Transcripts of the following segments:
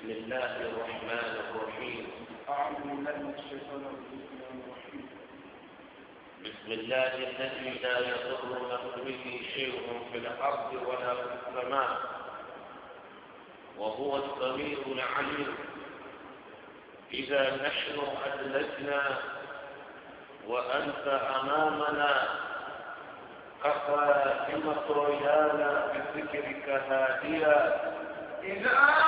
بسم الله الرحمن الرحيم أعوذ بالله من الشيطان الرجيم بسم الله الذي لا يضر مثله شيء في الأرض ولا في السماء وهو السميع العليم إذا نحن أدلجنا وأنت أمامنا كفى بمطريانا بذكرك هاديا إذا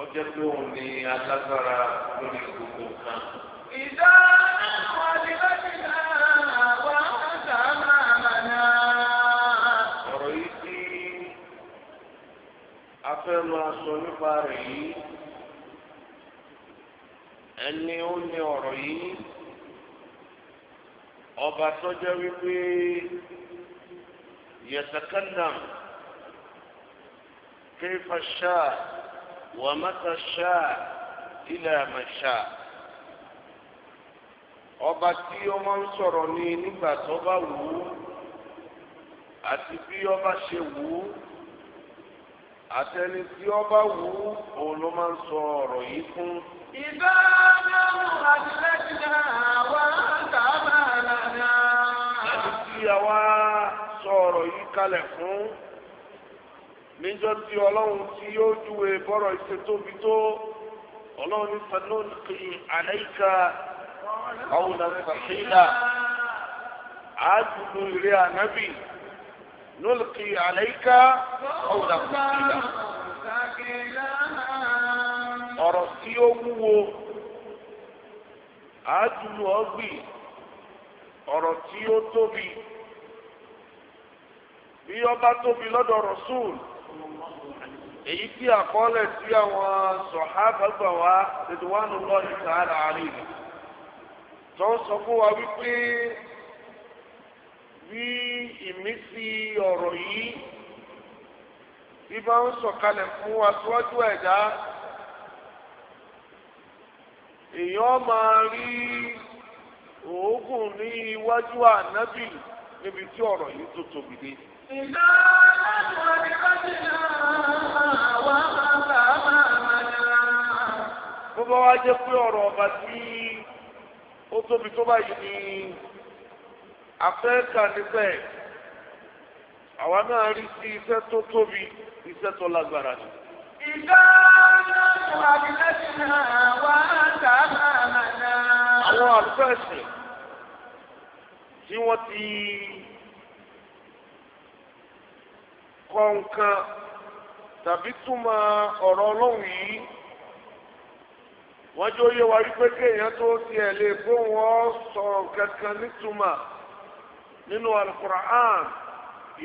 ọjọ́ tó ń ní alágbára lórí gbogbo nǹkan. ìdá fẹ́ máa sọ nípa rẹ̀ yìí ẹni ó ní ọ̀rọ̀ yìí ọba sọ́jọ́ wípé yẹsẹ̀kẹ́ndàm kéfà ṣáà wàmẹ́ta ṣáà ilẹ̀ àmà ṣáà ọba tí ó máa ń sọ̀rọ̀ ní nígbà tó bá wù ú àti bí ọba ṣe wù ú àtẹni tí ó bá wù ú òun ló máa ń sọ ọ̀rọ̀ yìí fún. ìbá dáhùn àtìlẹ́yìn àwa kà á máa lànà. láti tí àwa sọ ọ̀rọ̀ yìí kalẹ̀ fún níjọ́ tí ọlọ́run tí yóò júwe bọ́rọ̀ ìṣe tóbi tó ọlọ́run ní sanóòkè àlẹ́kà àwọn àṣàṣe ìlà àádùn ìrẹ́ ànábì. نلقي عليك qawlan thaqila ọ̀rọ̀ tí ó wúwo àádùnú ọ̀gbìn ọ̀rọ̀ tí ó tóbi bí ọba tóbi lọ́dọ̀ Rasul èyí tí àkọọ́lẹ̀ sí àwọn sọ̀hábà gbà tètè wá nù lọ́ọ̀dì sàárà àárín tó ń sọ fún wa wípé. bí ìmísí ọ̀rọ̀ yìí bí bá ń sọ̀kalẹ̀ fún aṣíwájú ẹ̀dá èèyàn máa rí òógùn ní iwájú ànábì níbi tí ọ̀rọ̀ yìí tó tóbi dé. ìná àtúwọ̀ ní kájí náà wà á máa bó bá wá jẹ́ pé ọ̀rọ̀ ọba tí ó tóbi tó báyìí ni. afẹ́ka níbẹ̀ àwa náà rí sí iṣẹ́ tó tóbi iṣẹ́ tó lágbára ni. ìgbà náà wà lẹ́sìn wá sábà náà. àwọn àlùfẹ́sìn tí wọ́n ti kọ́ nǹkan tàbí túmọ̀ ọ̀rọ̀ ọlọ́run yìí wọ́n jẹ́ ó yé wa wípé kéèyàn tó tiẹ̀ lè gbóhùn ọ́ sọ̀rọ̀ kankan nítumọ̀. nínú alukura'an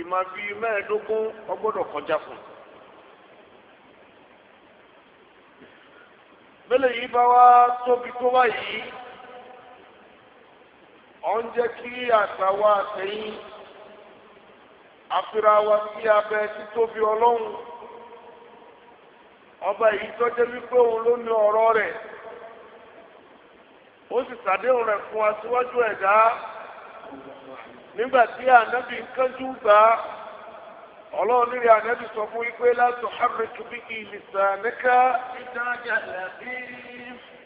ìmọ̀ bíi mẹ́ẹ̀ẹ́dógún ọgbọ́dọ̀ kọjá fún mẹ́lẹ̀ yìí bá wá tóbi tó báyìí ọ̀n jẹ́ kí àgbà wa àtẹ̀yìn àfira wa sí abẹ títóbi ọlọ́run ọba yìí tọ́jẹ́ wípé ló ní ọ̀rọ̀ rẹ̀ ó sì rẹ̀ nígbà tí ànábì kánjú gbà á ọlọ́run nílé ànábì sọ fún wípé látò hàmẹ́tù bí kì í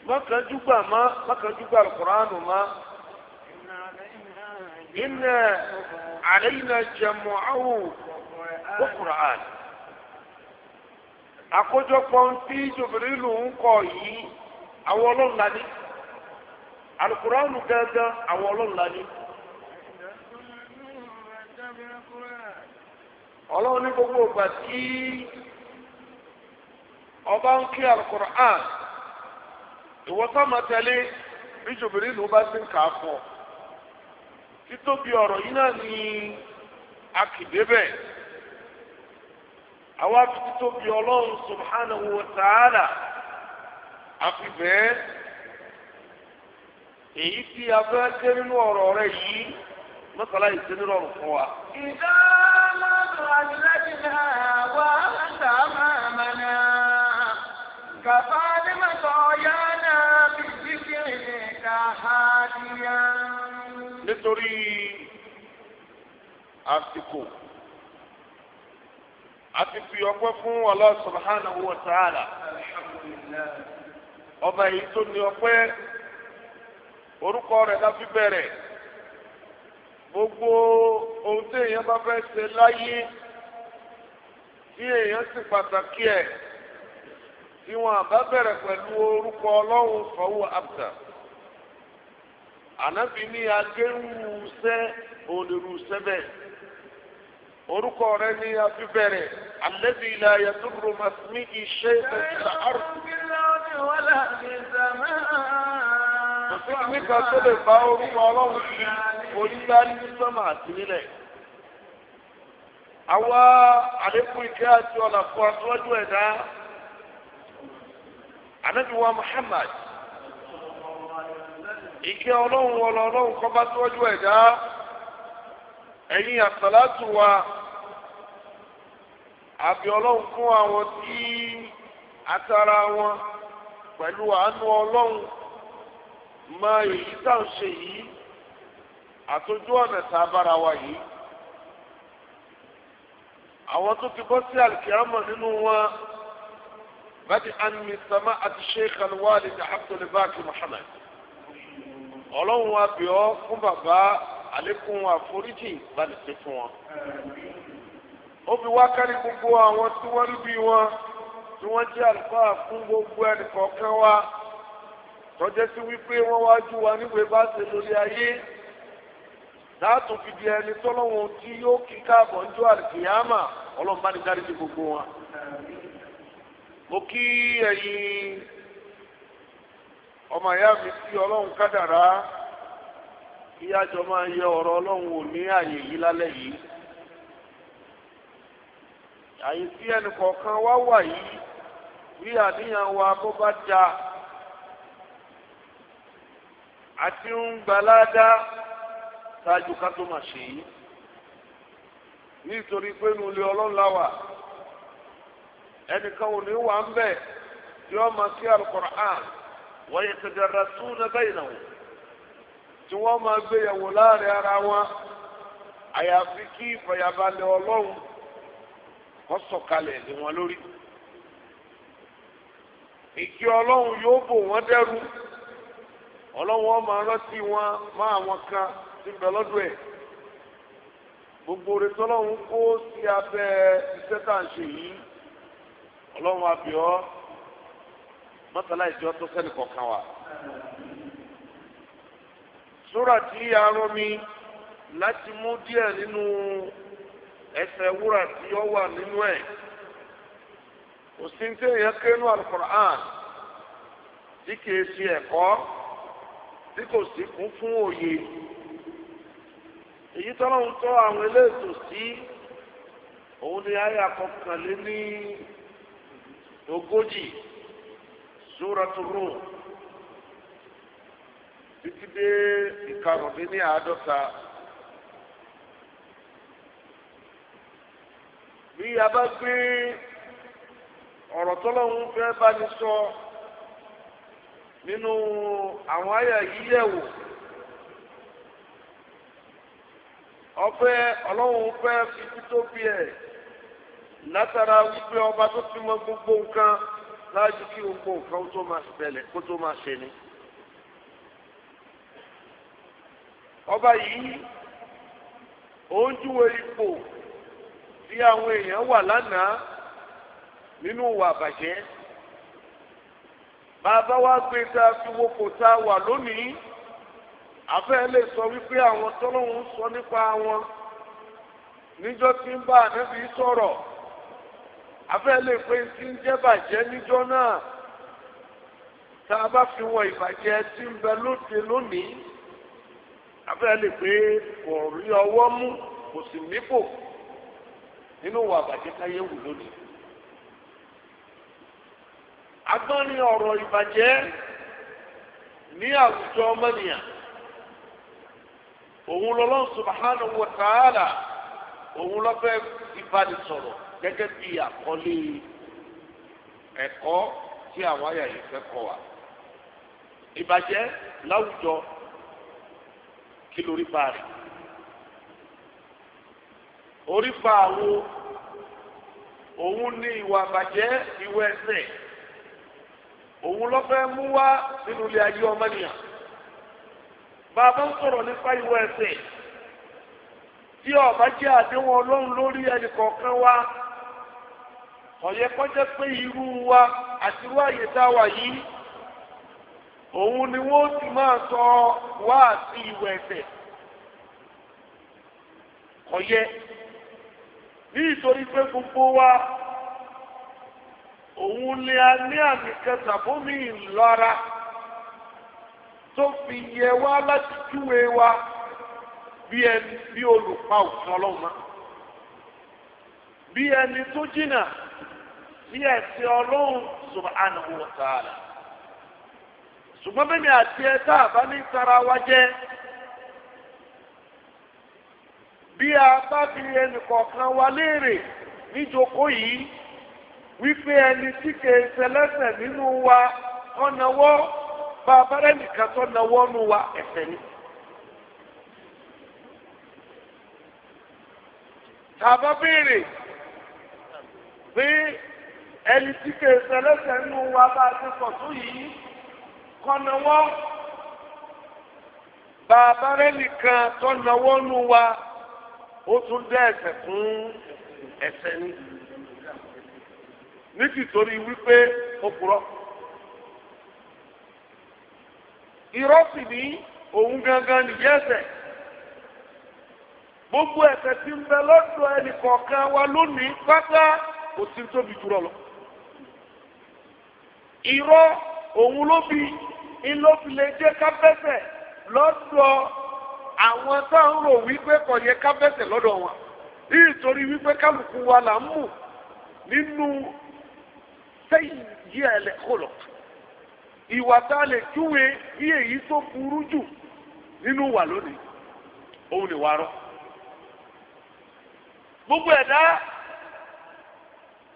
mọ́kànjú gbà má mọ́kànjú gbà lùkùránù má. iná àlẹ́yìn àjẹmọ́ àwò lùkùránù. àkójọpọ̀ tí jòbìrìlù ń ọlọ́run ní gbogbo ìgbà tí ọba ń kí alukur'an ìwọ́sán máa ló bá ti ń kà á títóbi ọ̀rọ̀ yìí náà ni a àwa fi títóbi ọlọ́run ta'ala èyí tí a fẹ́ dé nínú ọ̀rọ̀ rẹ yìí mọ́sálá yìí أجلتنا وأنت أمامنا a عيانا nítorí àsìkò àti fi ọpẹ́ fún Allah subhanahu wa ọba yìí tó ní ọpẹ́ orúkọ rẹ̀ gbogbo ohun tí èèyàn bá fẹ́ ṣe láyé. tí èèyàn sì pàtàkì ẹ̀ tí wọn àbá bẹ̀rẹ̀ pẹ̀lú orúkọ ọlọ́run fọwọ́ abdá ànábì ní agérúsẹ́ onírúsẹ́ bẹ́ẹ̀ orúkọ rẹ ní afi bẹ̀rẹ̀ alẹ́bí bi yàtúrò màsímì iṣẹ́ ìtẹ̀sílẹ̀ àrùn. kò sí kíkà tó lè bá orúkọ ọlọ́run sí onígbà ní sọ́mà àwa àlékún ìkẹ́ àti ọ̀nà fún aṣọ́jú ẹ̀dá ànábìwá Muhammad ike ọlọ́run wọlọ ọlọ́run kọ́ bá tọ́jú ẹ̀dá ẹ̀yìn àsàlátù wa àbí ọlọ́run fún àwọn tí atara wọn pẹ̀lú àánú ọlọ́run máa èyí tá à ń ṣe yìí àtọ́jú ọ̀nà tá a bára wa yìí. àwọn tó ti bọ́ sí àlùkìyàmọ̀ nínú wọn bàtí anmi sama àti sheikh alwali ti abdulbaki muhammad ọlọ́run wa bẹ̀ ọ́ fún bàbá àlékún àforíjì bani ṣe fún wọn. ó fi wá kárí gbogbo àwọn tí wọ́n rí bí wọn tí wọ́n jẹ́ àlùfáà fún gbogbo ẹnìkọ̀ọ̀kan wa tọ́jẹ́ sí wípé wọ́n wájú wa níwèé bá ṣe lórí ayé láàtò fi di ẹni tọ́lọ́wọ́n tí yóò kí káàbọ̀ ń jó àlùkìyàmà ọlọ́run bá ní dárí sí gbogbo wọn. mo kí ẹ̀yin ọmọ ìyá mi tí ọlọ́run kádàrá kí àjọ máa yẹ ọ̀rọ̀ ọlọ́run wò ní àyè yìí lálẹ́ yìí. àyè tí ẹnì kọ̀ọ̀kan wá wà yìí bí àníyàn wa bó bá da àti ń gbalá dá. ṣáájú ká tó máa ṣe yìí nítorí pé nu ilé ọlọ́run ẹnìkan ò ní wà ń bẹ̀ tí wọ́n máa kí alukur'an wọ́n yẹ tẹ̀dẹ̀rẹ̀ tún bẹ́ẹ̀ náà tí wọ́n máa gbéyàwó láàrin ara wọn àyàfi kí ìfọ̀yàbalẹ̀ ọlọ́run kọ́ sọ̀kalẹ̀ lé wọn lórí ìkí ọlọ́run yóò bò wọ́n dẹ́rù ọlọ́run máa rántí wọn máa wọn kan. ti bẹ lọ́dọ̀ ẹ gbogbo orí tọ́lọ́hún kó sí abẹ́ iṣẹ́ tá à ń ṣe yìí ọlọ́run abíọ́ mọ́tàlá ìjọ tó sẹ́ni kọ̀ọ̀kan wa. súrà tí a rán mi láti mú díẹ̀ nínú ẹsẹ̀ wúrà tí ó wà nínú fún òye. èyí tọ́lọ́hún tọ́ àwọn eléètò sí òun ni ayé àkọkànlé ní ogójì súratu Rum títí dé ìkarùn-ún ní àádọ́ta. bí a bá gbé ọ̀rọ̀ tọ́lọ́hún fẹ́ bá ní sọ nínú àwọn ayé yíyẹ̀wò. ọfẹ Ọlọ́run fẹ́ fi títóbi ẹ látara wípé ọba tó ti mọ gbogbo nǹkan láti kí gbogbo nǹkan tó máa kó ọba yìí o júwe ipò tí àwọn èèyàn wà lánàá nínú ìwà àbàjẹ́ bàbá wa gbé ta fi wo kò ta afẹ́ lè sọ wípé àwọn tọ́lọ́hún sọ nípa wọn níjọ́ tí ń bá ànábì sọ̀rọ̀ afẹ́ lè pé tí ń jẹ́ bàjẹ́ níjọ́ náà tá a bá fi wọn ìbàjẹ́ tí ń bẹ lóde lónìí afẹ́ lè pé kò rí ọwọ́ mú kò sì nípò nínú ìwà àbàjẹ́ káyé wù lónìí. agbọ́nrin ọ̀rọ̀ ìbàjẹ́ ní àwùjọ ọmọnìyàn òun lọ́lọ́ subhanahu wa ta'ala òun lọ́ fẹ́ ìbánisọ̀rọ̀ gẹ́gẹ́ bí àkọlé ẹ̀kọ́ tí àwọn àyà yìí fẹ́ kọ́ wa. ìbàjẹ́ láwùjọ kí lórí bá rẹ̀ orí bá wo òun ní ìwà bàjẹ́ ìwẹ̀ òun lọ́ fẹ́ mú wá sínú ilé ayé ọmọnìyàn bàbá ń sọ̀rọ̀ nípa ìwọ ẹ̀ṣẹ̀ tí ọba jẹ́ àdéhùn ọlọ́run lórí ẹnì kọ̀ọ̀kan wa ọ̀yẹ́ kọjá pé irú wa àti irú àyè tá a wà yìí òun ni wọ́n ti máa sọ wá àti ìwọ ẹ̀ṣẹ̀ ọ̀yẹ́ ní ìtorí pé gbogbo wa òun ni a ní àmì kẹta fún mi ńlọra tó fi yẹ wá láti júwe wa bí ẹni bí olùpa òfin ọlọ́run mọ́ bí ẹni tó jìnnà sí ẹ̀sìn ọlọ́run subhanahu wa ta'ala ṣùgbọ́n bẹ́ẹ̀ni àti ẹ tá a bá ní tara wa jẹ́ bí a bá fi ẹnìkọ̀ọ̀kan wa léèrè níjókòó yìí wípé ẹni tí kèé ṣẹlẹ́sẹ̀ nínú wa ọ̀nàwọ́ bá a bára nìkan tó náwó nù wa ẹ̀fẹ̀ ni. tàbá béèrè pé ẹni tí kò ṣẹlẹ́sẹ̀ nù wa bá a ti pọ̀ tó yìí kọ́ náwó bá a bára nìkan wa ó tún dá ẹ̀ṣẹ̀ fún ẹ̀ṣẹ̀ ni. ní tìtorí wípé ó purọ́. irọ́ sì ní òun gangan nìyẹn ẹ̀ṣẹ̀ gbogbo ẹ̀ṣẹ̀ tí ń bẹ lọ́dọ̀ ẹnì kọ̀ọ̀kan wa lónìí pátá kò sí tóbi jùlọ lọ irọ́ òun ló bí ló fi lè jẹ́ kábẹ́sẹ̀ lọ́dọ̀ àwọn tá ń rò wípé kò yẹ kábẹ́sẹ̀ lọ́dọ̀ wọn nítorí wípé kálukú wa là ń mú nínú sẹ́yìn yí ẹ̀lẹ́kọ̀ọ́ lọ́kàn ìwà tá a lè júwe bí èyí tó burú jù nínú wà lónìí òun ni wàá rọ gbogbo ẹ̀dá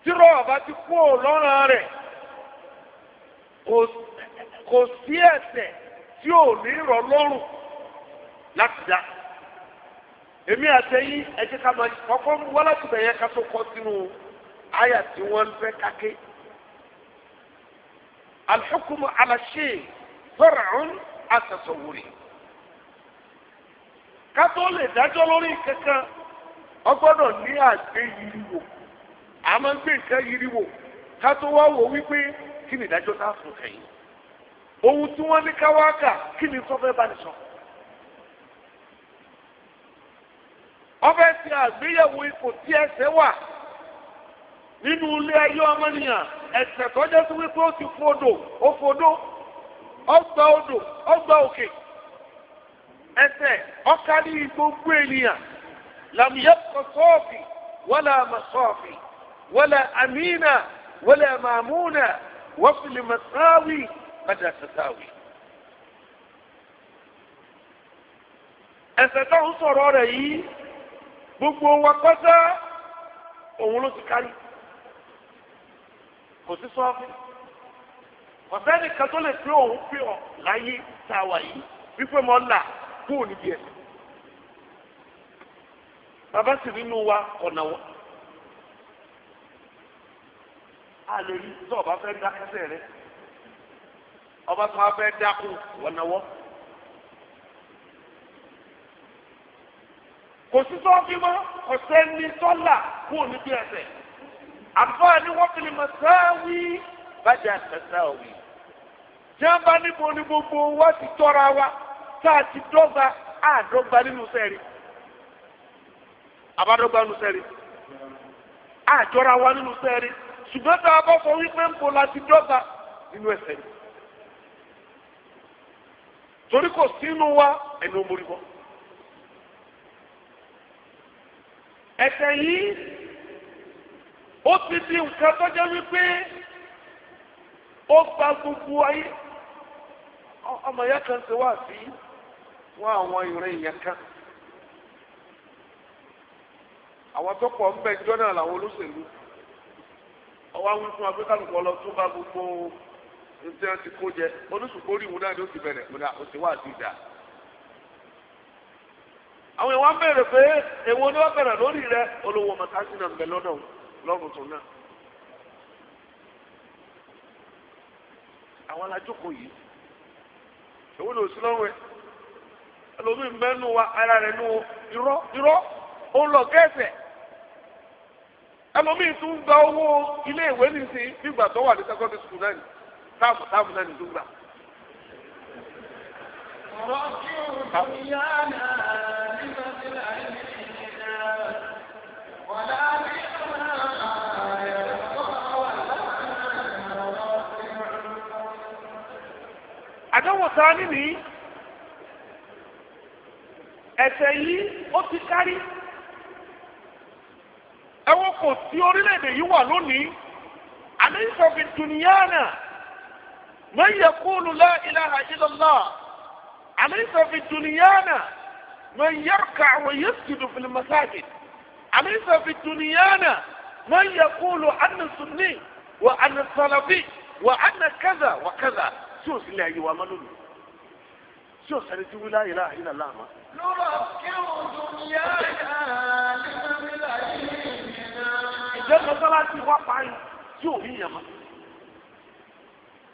tírọ̀ ọ̀bá ti kú lọ́rùn rẹ̀ kò sí ẹ̀ṣẹ̀ tí ò ní rọ̀ lọ́rùn láti dá èmi àtẹ̀yìn ẹ̀jẹ̀ ká máa kọ́kọ́ wọ́n láti bẹ̀yẹ ká tó kọ́ sínú àyà tí wọ́n fẹ́ káké alḥukumu alashe far'un atasawuri kátó lè dájọ́ lórí kankan ọgbọ́dọ̀ ní àgbé yiriwo àmọ́ gbé nǹkan yiriwo kátó wá wò wípé kí ni ìdájọ́ tá a fún kẹ́yìn ohun tí wọ́n ní káwáàkà kí ni sọ́fẹ́ bá ní sọ. ọfẹ́ ti àgbéyẹ̀wò ipò tí ẹsẹ̀ wà nínú ilé ayé ọmọnìyàn ẹ̀ṣẹ̀ tó jẹ́ sí wípé ó ti fodò ó fodò ọgbà odò ọgbà òkè ẹ̀ṣẹ̀ ọkàlí gbogbo ènìyàn làmúyẹ́pọ̀ sọ́ọ̀fì wọ́lá àmàsọ́ọ̀fì wọ́lá àmínà wọ́lá àmàmúnà wọ́fìlì màsáwì padà sàtàwì. ẹ̀ṣẹ̀ tó sọ̀rọ̀ rẹ̀ yìí gbogbo wa pátá òun ló ti kárí kò sí sọ́ọ̀fù ọ̀sẹ́ni kan tó lè pé òun pé ọ̀ láyé tá a wà yìí wípé mo là kú òní bí bàbá sì nínú wa ọ̀nà wa a lè rí tó ọba fẹ́ dá kẹsẹ̀ rẹ ọba tó wá fẹ́ dákú wọ̀nàwọ́ kò sí sọ́ọ̀fù mọ́ ọ̀sẹ́ni tó là kú òní bí àfáà ni wọ́n fi mọ̀sáwí bàjẹ́ àtẹ̀sáwí. tí wọ́n bá níbo ni gbogbo wa ti tọ́ra wa tá a ti dọ́gba á dọ́gba nínú sẹ́ẹ̀rì. àbádọ́gba nínú sẹ́ẹ̀rì. á jọra wa nínú sẹ́ẹ̀rì. ṣùgbọ́n tá a bá sọ wípé ń bo la ti dọ́gba nínú ẹsẹ̀ rẹ̀. torí kò sínú wa ẹni ó mórí bọ́. ẹsẹ̀ yìí ó ti di nǹkan tó jẹ́ wípé ó gba gbogbo ayé ọmọ ìyá kan ti wá sí wọn àwọn ìrìn ìyẹn kan àwọn tó pọ̀ ń bẹ jọ́ náà làwọn olóṣèlú ọwọ́ àwọn ìfún abẹ́kálùkù ọlọ tó bá gbogbo ntẹ́ ti kó jẹ oníṣùkú rí ìwú náà ni ó ti bẹ̀rẹ̀ pé ó ti wá àti ìdá. àwọn ìwà ń bèrè pé èwo ni wọ́n bẹ̀rẹ̀ lórí rẹ olówó mọ̀tásí náà ń bẹ lọ́dọ̀ wọn lọ́rùn tó náà. àwọn alájókòó yìí èwo ló sí lọ́rùn ẹ̀ ẹlòmíì mẹ́nu wa ara rẹ̀ nù irọ́ irọ́ ó ń lọ gẹ́sẹ̀ ẹlòmíì tún gba owó ilé ìwé nìsín nígbà tó wà ní secondary school náà ni táàmù táàmù náà ni tó gbà. ربي دنيانا بفضل علمنا ولا àdánwò ta nínú ẹ̀ṣẹ̀ yìí ó ti kárí ẹwọ kò sí orílẹ̀-èdè yìí wà lónìí àlẹ́yìnfọ̀ fi dùnìyànà man yaqulu la ilaha illallah àlẹ́yìnfọ̀ fi dùnìyànà man yarka' wa yasjudu fil masajid àlẹ́yìnfọ̀ fi dùnìyànà man yaqulu anna sunni wa anna salafi wa anna kẹ́zà wa kẹ́zà. tí ò sílẹ̀ ayé wa mọ́ lónìí tí ò sẹ́ni tí wílá yìí láàyè náà láàmú. lọ́wọ́ kí òògùn yá yá nínú ilé ayé mi náà. ìjọba sọlá ti wá parí tí ò rí yẹn mọ́.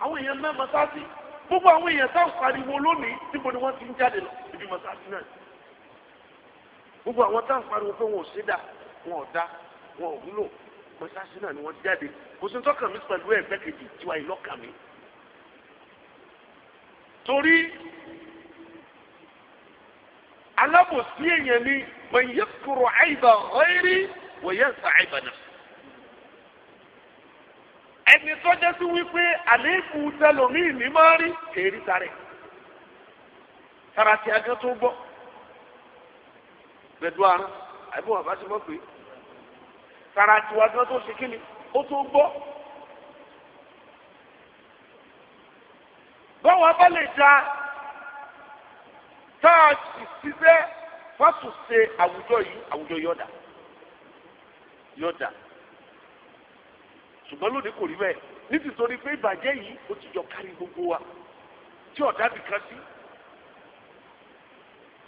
àwọn èèyàn mẹ́ mọ́sáàsì gbogbo àwọn èèyàn táwọn pariwo lónìí níbo ni wọ́n ti ń jáde lọ ibi mọ́sáàsì náà. gbogbo àwọn táwọn pariwo pé wọn ò ṣe dà wọn ò dá wọn ò wúlò mọ́sáàsì náà ni wọ́n jáde kò sí tọ́kàn mi pẹ̀lú ẹ̀gbẹ́ kejì tiwa ìlọ́kàn mi torí alábòsí èèyàn ni man yakuru àìbà ghairi wa yansa àìbà náà ẹni tó jẹ́ sí wípé àléébù tẹlòmíì ní máa rí kèérí sáré sarati agán tó gbọ́ gbẹdú àrùn àbí bá ti mọ̀ pé sarati agán tó ṣe kí ó tó gbọ́. bọ́wọ́ bá lè da tá a sì síbẹ̀ fọ́tò ṣe àwùjọ yìí àwùjọ yọ̀dà yọ̀dà ṣùgbọ́n lónìí kò rí bẹ́ẹ̀ nítorí pé ìbàjẹ́ yìí ó ti jọ kárí gbogbo wa tí ọ̀dà bìkan sí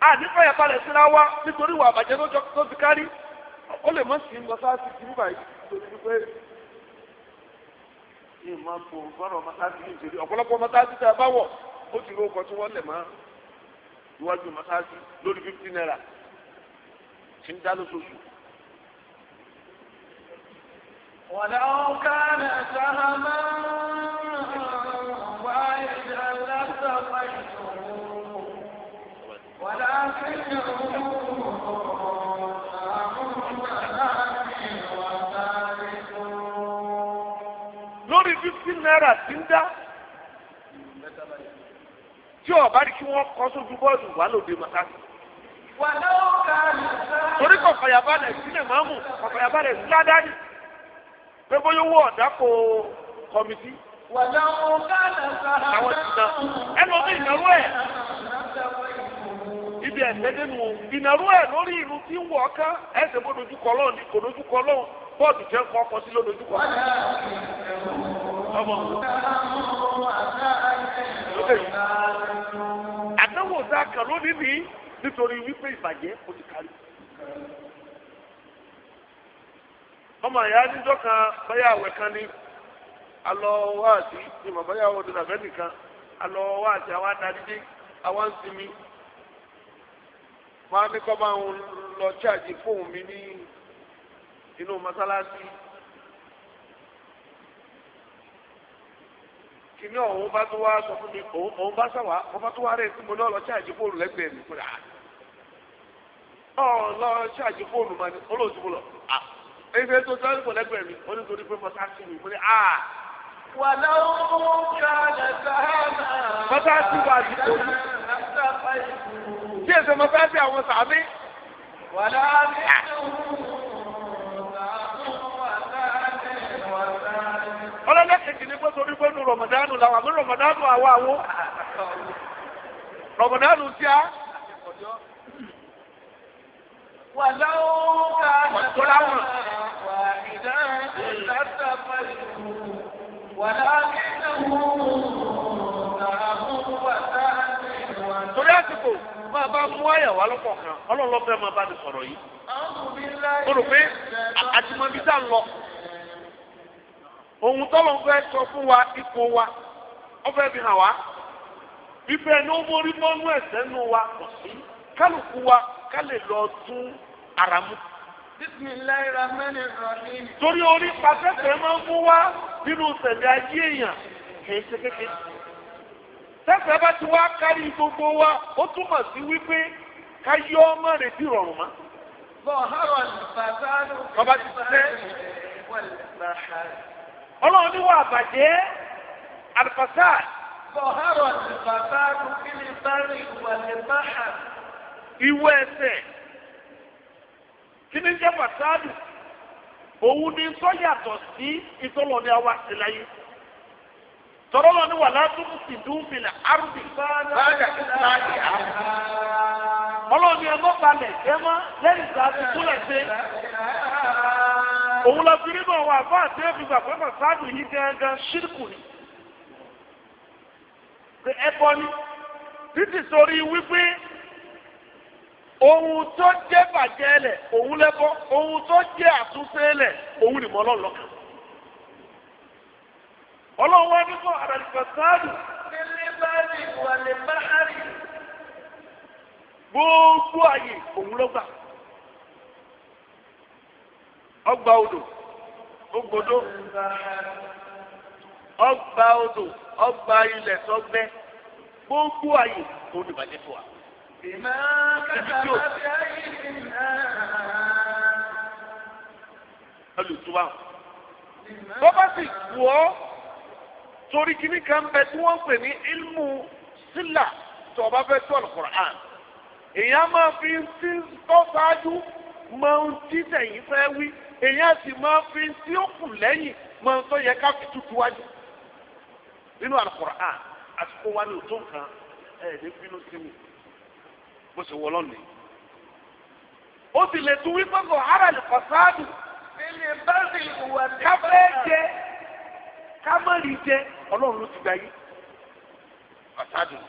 àdìpọ̀ yẹn balẹ̀ síra wa nítorí ìwà àbàjẹ́ tó ti kárí ó lè mọ̀ sí ń lọ sáà sí ti rí báyìí nítorí pé ní ìmọ̀ kó gbọ́dọ̀ mọ́sáàsì ní ìṣèlú ọ̀pọ̀lọpọ̀ mọ́sáàsì tá a bá wọ̀ ó ti ro ọkọ̀ tí wọ́n lẹ̀ mọ́ iwájú mọ́sáàsì lórí fifty naira ti ń dá lóṣooṣù. ولو كان سهما واحدا لاستطعته ولكنه náírà ti ń dá tí bá ní kí wọ́n kọ́ sójú bọ́ọ̀lù wà lóde màkàtí. torí kọ̀fàyàbalẹ̀ sílẹ̀ mọ́mù kọ̀fàyàbalẹ̀ sí ládàáni pé bóyá owó ọ̀dà kò kọ̀mìtì. àwọn ti na ẹnu ọdún ìnáwó ẹ̀ ibi ẹ̀sẹ̀dẹ̀ nù ìnáwó ẹ̀ lórí ìlú tí ń wọ̀ ọ́ká ẹ̀sẹ̀ bó kò jẹ́ kọ́ sí ọmọ wọn. àdánwò tá a kàn lónìí ni nítorí wípé ìbàjẹ́ kò ti kárí. ọmọ ìyá níjọ́ kan báyàwó kan ní alọ́ wáàsí ìmọ̀ báyàwó ọdún àbẹ́ nìkan alọ́ wáàsí àwọn adarí àwọn ń sinmi máa ní kọ́ máa ń lọ cháàjì fóun mi ní inú mọ́sálásí kìíní ọ̀hún bá tó wá sọ fún mi òun bá sọ wá wọ́n tó wá rẹ̀ tí mo ní ọ̀lọ́ ṣáàjì fóònù lẹ́gbẹ̀ẹ́ mi kúrẹ́ ọ̀lọ́ ṣáàjì fóònù máa ní olóòtú lọ ẹgbẹ́ tó sáré kò lẹ́gbẹ̀ẹ́ mi ó ní torí pé mọ́tà mi mo à. wàlá òun kà lè sáánà. mọ́tà sí wa ti kò ọlọ́lẹ́kẹ̀jì ni pé torí pé nu làwọn àmì rọmọdánù àwọn tí a. wàláwó ká wà torí àsìkò máa bá mú àyà wá lọ́pọ̀ kan ọlọ́lọ́fẹ́ máa bá mi sọ̀rọ̀ yìí. mo rò pé ohun tọ́lọ̀ ń fẹ́ sọ fún wa ipò wa wọ́n fẹ́ hàn wá ìfẹ́ ní ó borí mọ́nú ẹ̀sẹ̀ nù wa kò sí kálukú wa ká lè lọ tún ara torí orí pàṣẹpẹ máa ń mú wá nínú sẹ̀mí ayé èèyàn kìí ṣe kékeré. bá ti wá kárí gbogbo wa ó túmọ̀ sí wípé ká yọ ọmọ rẹ̀ bí rọrùn mọ́. hàrọ̀ bàbá ọlọ́run ní wà àbàjẹ́ àlùfàṣà. sọ̀hárọ̀ àlùfàṣà kí ni sáré ìwà lè bá hà. ìwé ẹsẹ̀ kí ni jẹ́ fàṣádù òun ni sọ yàtọ̀ sí ìtọ́lọ̀ ní àwa sí láyé tọ́lọ́ lọ ní wà látúmù sí dùnfìlà àrùbí báyà kí sáàyè á. ọlọ́run ni ẹ mọ́ balẹ̀ ẹ mọ́ lẹ́yìn ìgbà tó kúlẹ̀ sí òun la fi nínú àwọn àbá àti ẹbí gbà pé màsáàdù yìí gángan ṣírkù ni pé ẹbọ ni títí sórí wípé ohun tó jẹ́ bàjẹ́ lẹ̀ òun lẹ́bọ ohun tó jẹ́ àtúnṣe lẹ̀ òun ni mọ́ lọ́lọ́kàn. ọlọ́run wá nígbà àràlùfẹ́ sáàdù. nílé báyìí wà lè bá àrí. gbogbo àyè òun ló ọgbà odò ogbodò ọgbà odò ọgbà ilẹ̀ sọgbẹ́ gbogbo àyè kò ní bàjẹ́ fún wa. ìmọ̀ kàtà bá fi ayé mi náà. olùtúwa bọ́bá sì wù ọ́ torí kíní kan bẹ tí wọ́n pè ní ilmu sílà tó o bá fẹ́ tó alukur'an èèyàn máa fi ń tí tó ṣáájú máa ń tí tẹ̀yìn fẹ́ wí èèyàn sì máa fi tí ó kù lẹ́yìn máa tó yẹ ká tutù wájú nínú Al-Qur'an àsìkò wa ní òtó nǹkan ẹ̀ ní bínú sí mi bó ṣe wọlọ́ nìyí. ó sì lè tún wípé kò hárà lè kọ́ sáádù. ilé bẹ́ẹ̀ni ìwà ní. kábẹ́ jẹ kámẹ́rì jẹ ọlọ́run ló ti gbà yí. ọ̀sáàdù ni.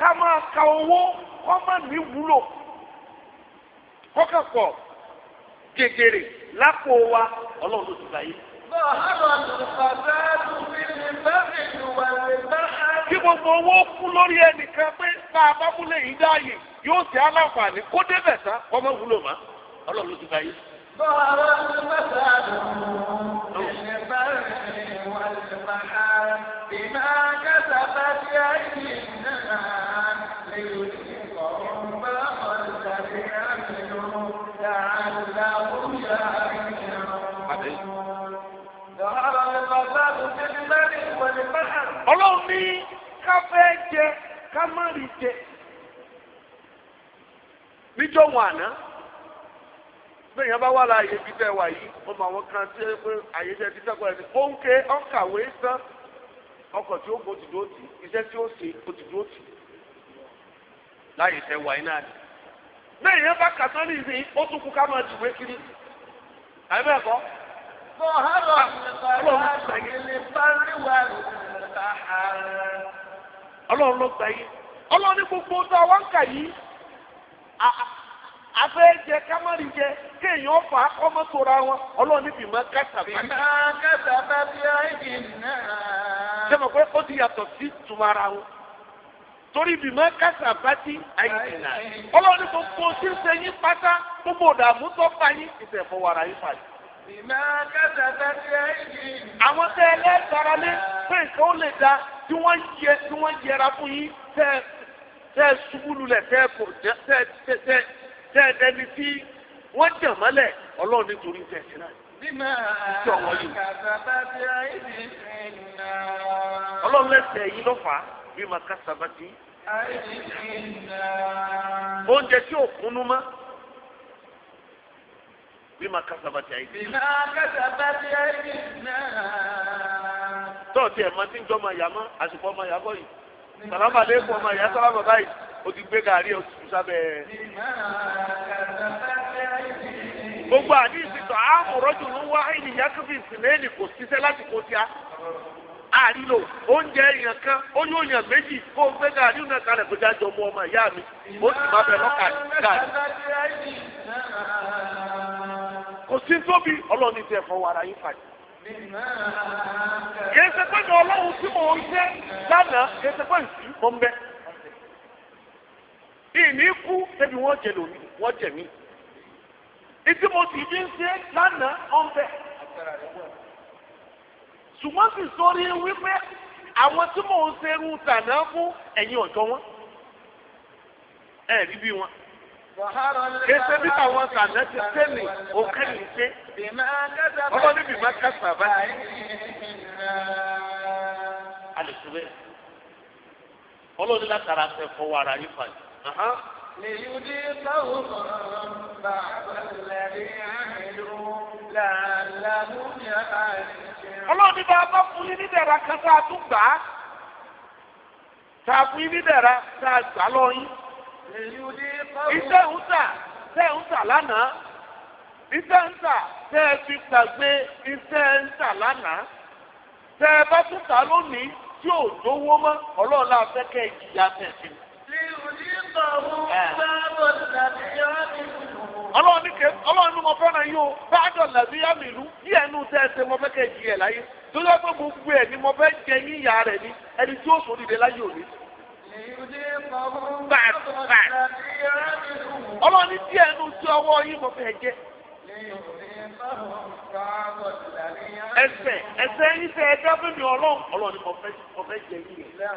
ká máa ka owó kọ́ má ní wúlò kọ́kàn pọ̀ gègèrè lápò wa ọlọ́run ló ti gbà yé. Kí gbogbo owó kú lórí ẹnìkan pé bá a bá múlẹ̀ yìí dáàyè yóò ṣe aláǹfààní kó débẹ̀ sá ọmọ wúlò má ọlọ́run ló ti gbà yé. ظهر الفساد في البر والبحر بما كسبت أيدي الناس ليذيقهم بعض الذي عملوا لعلهم يرجعون ظهر الفساد في البر والبحر Ọlọ́run ní ká fẹ́ jẹ ká má rí jẹ níjọ́ wọn àná bẹ́ẹ̀ yẹn bá wà láàyè bí tẹ́ wà yìí ó mọ àwọn kan tí pé àyè tẹ́ ti sẹ́kọ̀ọ́ ẹ̀ ní ó ń ké ó ń kàwé tán ọkọ̀ tí ó gbó ti dúró tì iṣẹ́ tí ó ṣe ó ti dúró tì láàyè tẹ́ wà yìí náà ni. bẹ́ẹ̀ yẹn bá kàtá ní ìsìn ó tún kú ká máa dìwé kiri àyè bẹ́ẹ̀ kọ́. ọlọ́run ló gbà yìí ọlọ́run ní gbogbo tó àwọn kà yìí afẹ́ jẹ kámárì jẹ kéèyàn fà á kọ́ mọ́tò ra wọn ọlọ́run níbi mọ́ kásá bá. bímọ kásá bá bí àìdì náà. ṣé mo pé ó ti yàtọ̀ sí tuma ara wọn torí bímọ kásá bá ti àìdì náà ọlọ́run ní gbogbo tí ń ṣe yín pátá gbogbo ìdààmú tó bá yín ìṣẹ̀ fọwọ́ ara yín pàdé. bímọ kásá bá bí àìdì náà. àwọn tẹ ẹ lẹ́ẹ̀tara lé pé nǹkan ó lè da tí wọ́n yẹ tí wọ́n yẹra fún yín tẹ tẹ ṣubúlulẹ̀ tẹ tẹ́ ẹ tí wọ́n jẹ mọ́lẹ̀ ọlọ́run nítorí tẹ̀sí náà. bímọ kàtàbà yìí ní lẹ́sẹ̀ yìí ló fà á bímọ kàtàbà tí. a yìí ní oúnjẹ tí ò kúnnú mọ́ bímọ ní o ti gbé gàrí o ti o gbogbo àdìsí tó gbaa rọ́jò ló wá ènìyàn kí fi ìsìnlẹ́ẹ̀nì kò ṣiṣẹ́ láti kó tíá. àrílò oúnjẹ èèyàn kan ó ní òòyàn méjì o gbé gàrí o náà kalẹ̀ kó jáde ọmọ ìyá mi o sì má kò sí tóbi ọlọ́ọ̀ni tẹ fọwọ́ ara yín fàyè ṣe pé ní ọlọ́run tí mò ń jẹ́ lánàá kìí ṣe pé ìsìn mọ́ ń ìní kú débi wọ́n jẹ lómi wọ́n jẹ mí ìdí mo sì fi ń ṣe lánàá ọ̀nbẹ. ṣùgbọ́n sì sórí wípé àwọn tí mò ń ṣe tànà fún ẹ̀yìn ọ̀jọ́ wọn ẹ̀ rí bí wọn kese bi ka wọn ti se ni o ka ọmọ ni bi ma ka sa ba ti alisibe ọlọ́ọ̀ni la tara fọwọ́ ara yín fa ليذيقهم بعض الذي عملوا لعلهم يرجعون ọlọ́run ní bá a bá fún yín nídẹ̀ra kan tá a tún gbà á iṣẹ́ ń tà tẹ́ ń tà lánàá iṣẹ́ ń tà tẹ́ ẹ fi gbàgbé iṣẹ́ ń tà lánàá tẹ́ ẹ bá tún tà lónìí tí ò dówó mọ́ ọlọ́run láfẹ́ ìjìyà tẹ̀sí. ọlọ́ọ̀ni kẹ ọlọ́ọ̀ni mo fẹ́ náà yóò báàdọ̀ làbí àmìlú ní ẹnu tẹ́ mo fẹ́ kẹ́ jí ẹ láyé tó pé gbogbo ni mo fẹ́ jẹ yín ni ẹni tí ó sọ láyé òní. ọlọ́ọ̀ni tí ọwọ́ yín mo fẹ́ jẹ. ẹsẹ̀ ẹsẹ̀ yín sẹ ẹ dábẹ mi Ọlọ́run Ọlọ́run ni mo fẹ́ mo fẹ́ jẹ yín yẹ.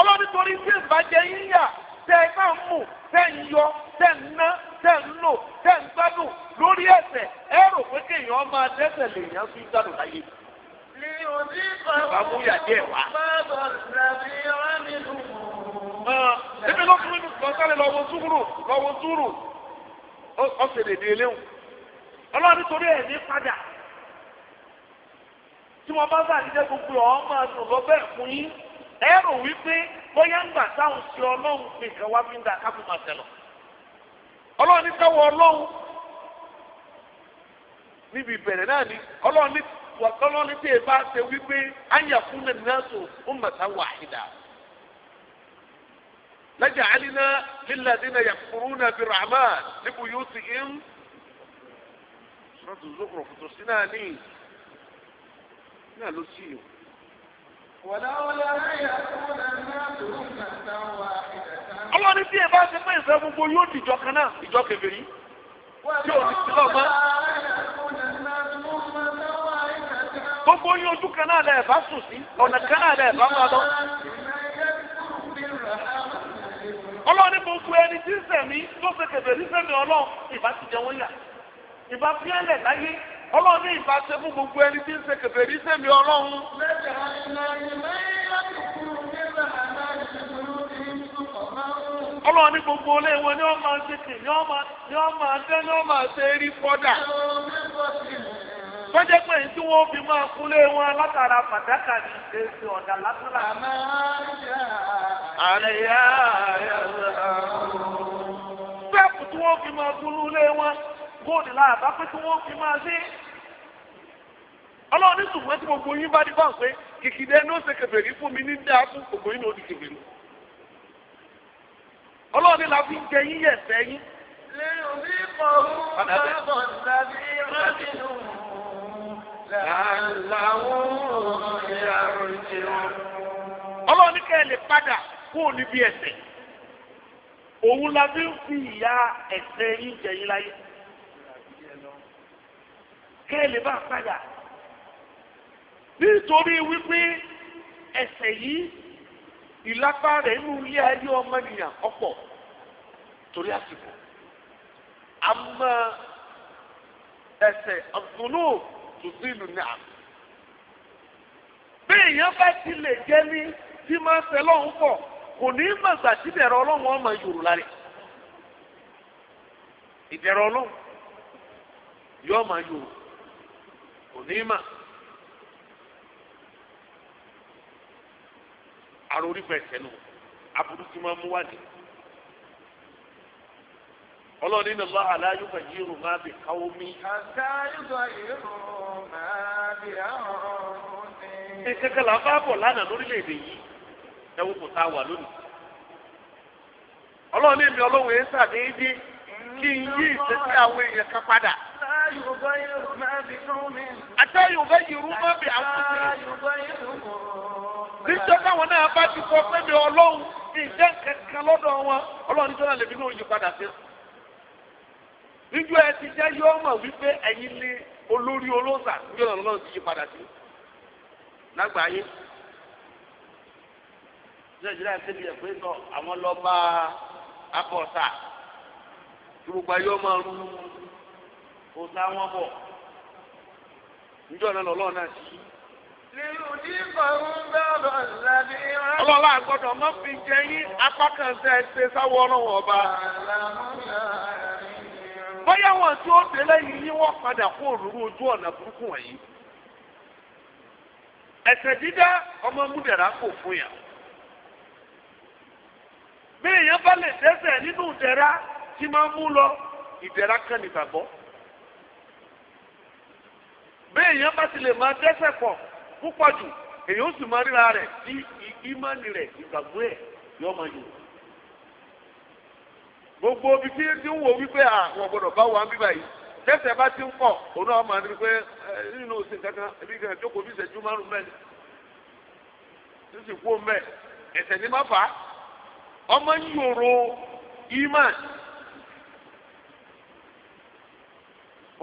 Ọlọ́run torí tí ìbá jẹ yín yà tẹ ẹ bá ń mú tẹ ń yọ tẹ ń ná tẹ ń lò tẹ ń gbádùn lórí ẹsẹ̀ ẹ rò pé kéèyàn máa dẹ́ṣẹ̀ lèèyàn fi gbádùn láyé. Bàbá múyà díẹ̀ wá. Ebi ló fún mi sọ̀tẹ́lẹ̀ lọ́wọ́ sùúrù lọ́wọ́ sùúrù ọ̀sẹ̀ lè di eléwù ọlọ́run nítorí ẹ̀ ní padà tí wọ́n bá bá àdíjẹ́ gbogbo ọ̀ máa dùn lọ bẹ́ẹ̀ fún yín ẹ rò wípé bóyá ń gbà táwọn ṣe ọlọ́run pé nǹkan wá fi ń da káfí máa tẹ̀ lọ ọlọ́run ní káwọ́ ọlọ́run níbi ìbẹ̀rẹ̀ náà ni ọlọ́run ní tẹ̀ bá ṣe wípé ayẹ̀kún náà ní náà tó ó mọ̀ táwọn àhídà. لجعلنا للذين يكفرون بالرحمن لبيوتهم سورة الزخرف ترسلنا لي لا نسيهم ولولا يكون الناس أمة واحدة الله ní bí ẹ bá ṣe pé ìfẹ́ gbogbo yóò di ìjọ kan náà ìjọ kèfèrí tí ò ní sílọ̀ mọ́. gbogbo yín ojú kan náà lẹ̀ bá sùn sí ọ̀nà kan náà lẹ̀ bá máa lọ. ọlọ́run gbogbo ẹni tí ń sẹ̀mí tó ṣe kẹfẹ́ sí sẹ̀mí ọlọ́run ìbá ti jẹ wọ́n yà ìbá gbogbo ẹni tí ń ṣe kẹfẹ́ gbogbo ilé ni wọ́n máa ń wọ́n máa ń wọ́n máa ń rí tọ́jẹ́ pé ní tí wọ́n fi máa kúlé wọn látara pàdákà ní èsì ọ̀dà látúlà. àríyá pẹ́ẹ̀pù tí wọ́n fi máa kúlú wọn góòdì láàbá pé tí wọ́n fi máa sí. ọlọ́run ní ṣùgbọ́n tí gbogbo yín bá dé bá pé kìkìdé ní ó ṣe kẹfẹ́rí fún mi ní dáa fún gbogbo yín ní ó di kẹfẹ́rí. ọlọ́run ní la fi ń jẹ yín yẹ̀ fẹ́ yín. lẹ́yìn òbí kọ̀ọ̀hún bá bọ̀ tàbí rọ́ọ̀dì nù ọlọ́run ní kẹ́ ẹ lè padà kúrò níbi ẹ̀ṣẹ̀ òun la fi ń fi ìyà ẹ̀ṣẹ̀ yín jẹ yín láyé kẹ́ ẹ lè bá padà nítorí wípé ẹ̀ṣẹ̀ yìí ìlápá rẹ̀ nínú ilé ayé ọmọnìyàn ọ̀pọ̀ torí àsìkò àmọ́ ẹ̀ṣẹ̀ ọ̀dùnnú tùsílù ní àmì. bí èèyàn bá ti lè jẹ́ ní tí máa ń fẹ́ lọ́hùn pọ̀ kò ní í màgbà tí ìbẹ̀rẹ̀ ọlọ́run ọmọ yòrò lárẹ̀. ìbẹ̀rẹ̀ ọlọ́run yọ ọmọ yòrò kò ní í mà. àròrí bẹ̀rẹ̀ sẹ́nu aburú tí máa mú wá nìyí. ọlọ́run nínú lọ́ àláyú kan irun máa bì káwọ́ mi. àtàyù irun máa la bá bọ̀ lánàá lórílẹ̀‐èdè yìí ẹ wo kò tá a wà lónìí. ọlọ́run ní mi ọlọ́run yẹn sàdéédé kí n yí ìṣesí àwọn èèyàn kan padà. àtàyù irun máa níjọ́ ẹ ti jẹ́ yọ ọmọ wípé ẹ̀yin ni olórí olóòsà níjọ́ náà lọ́nà ti yí padà sí lágbàáyé nàìjíríà tẹ́lẹ̀ yẹ pé sọ àwọn lọ́ba akọ̀ọ̀sà gbogbo ayé ọmọ ru ọ̀sà wọn bọ̀ níjọ́ náà lọ́nà náà ti yí ọlọ́lá àgbọ̀dọ̀ mọ́ fi jẹ́ yín apá kan tẹ́ ẹ ṣe sáwọ́ ọlọ́wọ́ ọba bóyá wọn tí ó dé lẹ́yìn yín wọ́n padà kó òrùrù ojú ọ̀nà burúkú wọ̀nyí. ẹ̀ṣẹ̀ dídá ọmọ múdẹ̀rá kò fún yà. bí èèyàn bá lè dẹ́ṣẹ̀ nínú ìdẹ̀ra tí máa mú lọ ìdẹ̀ra kan nìgbàgbọ́. bí èèyàn bá ti lè máa dẹ́ṣẹ̀ pọ̀ púpọ̀ jù èèyàn ó sì máa ríra rẹ̀ sí ìmánì rẹ̀ ìgbàgbọ́ ẹ̀ yọ ọmọ yòó. gbogbo omi tí ti ń wò wípé àwọn gbọ́dọ̀ bá wà ń yi yìí bá ti ń pọ̀ òun náà máa pé nínú òsè kankan kan jókòó bí ìṣẹ́jú márùn mẹ́rin tó sì kú mẹ́ ẹ̀sẹ̀ ní má fà á ọmọ ń yòrò imán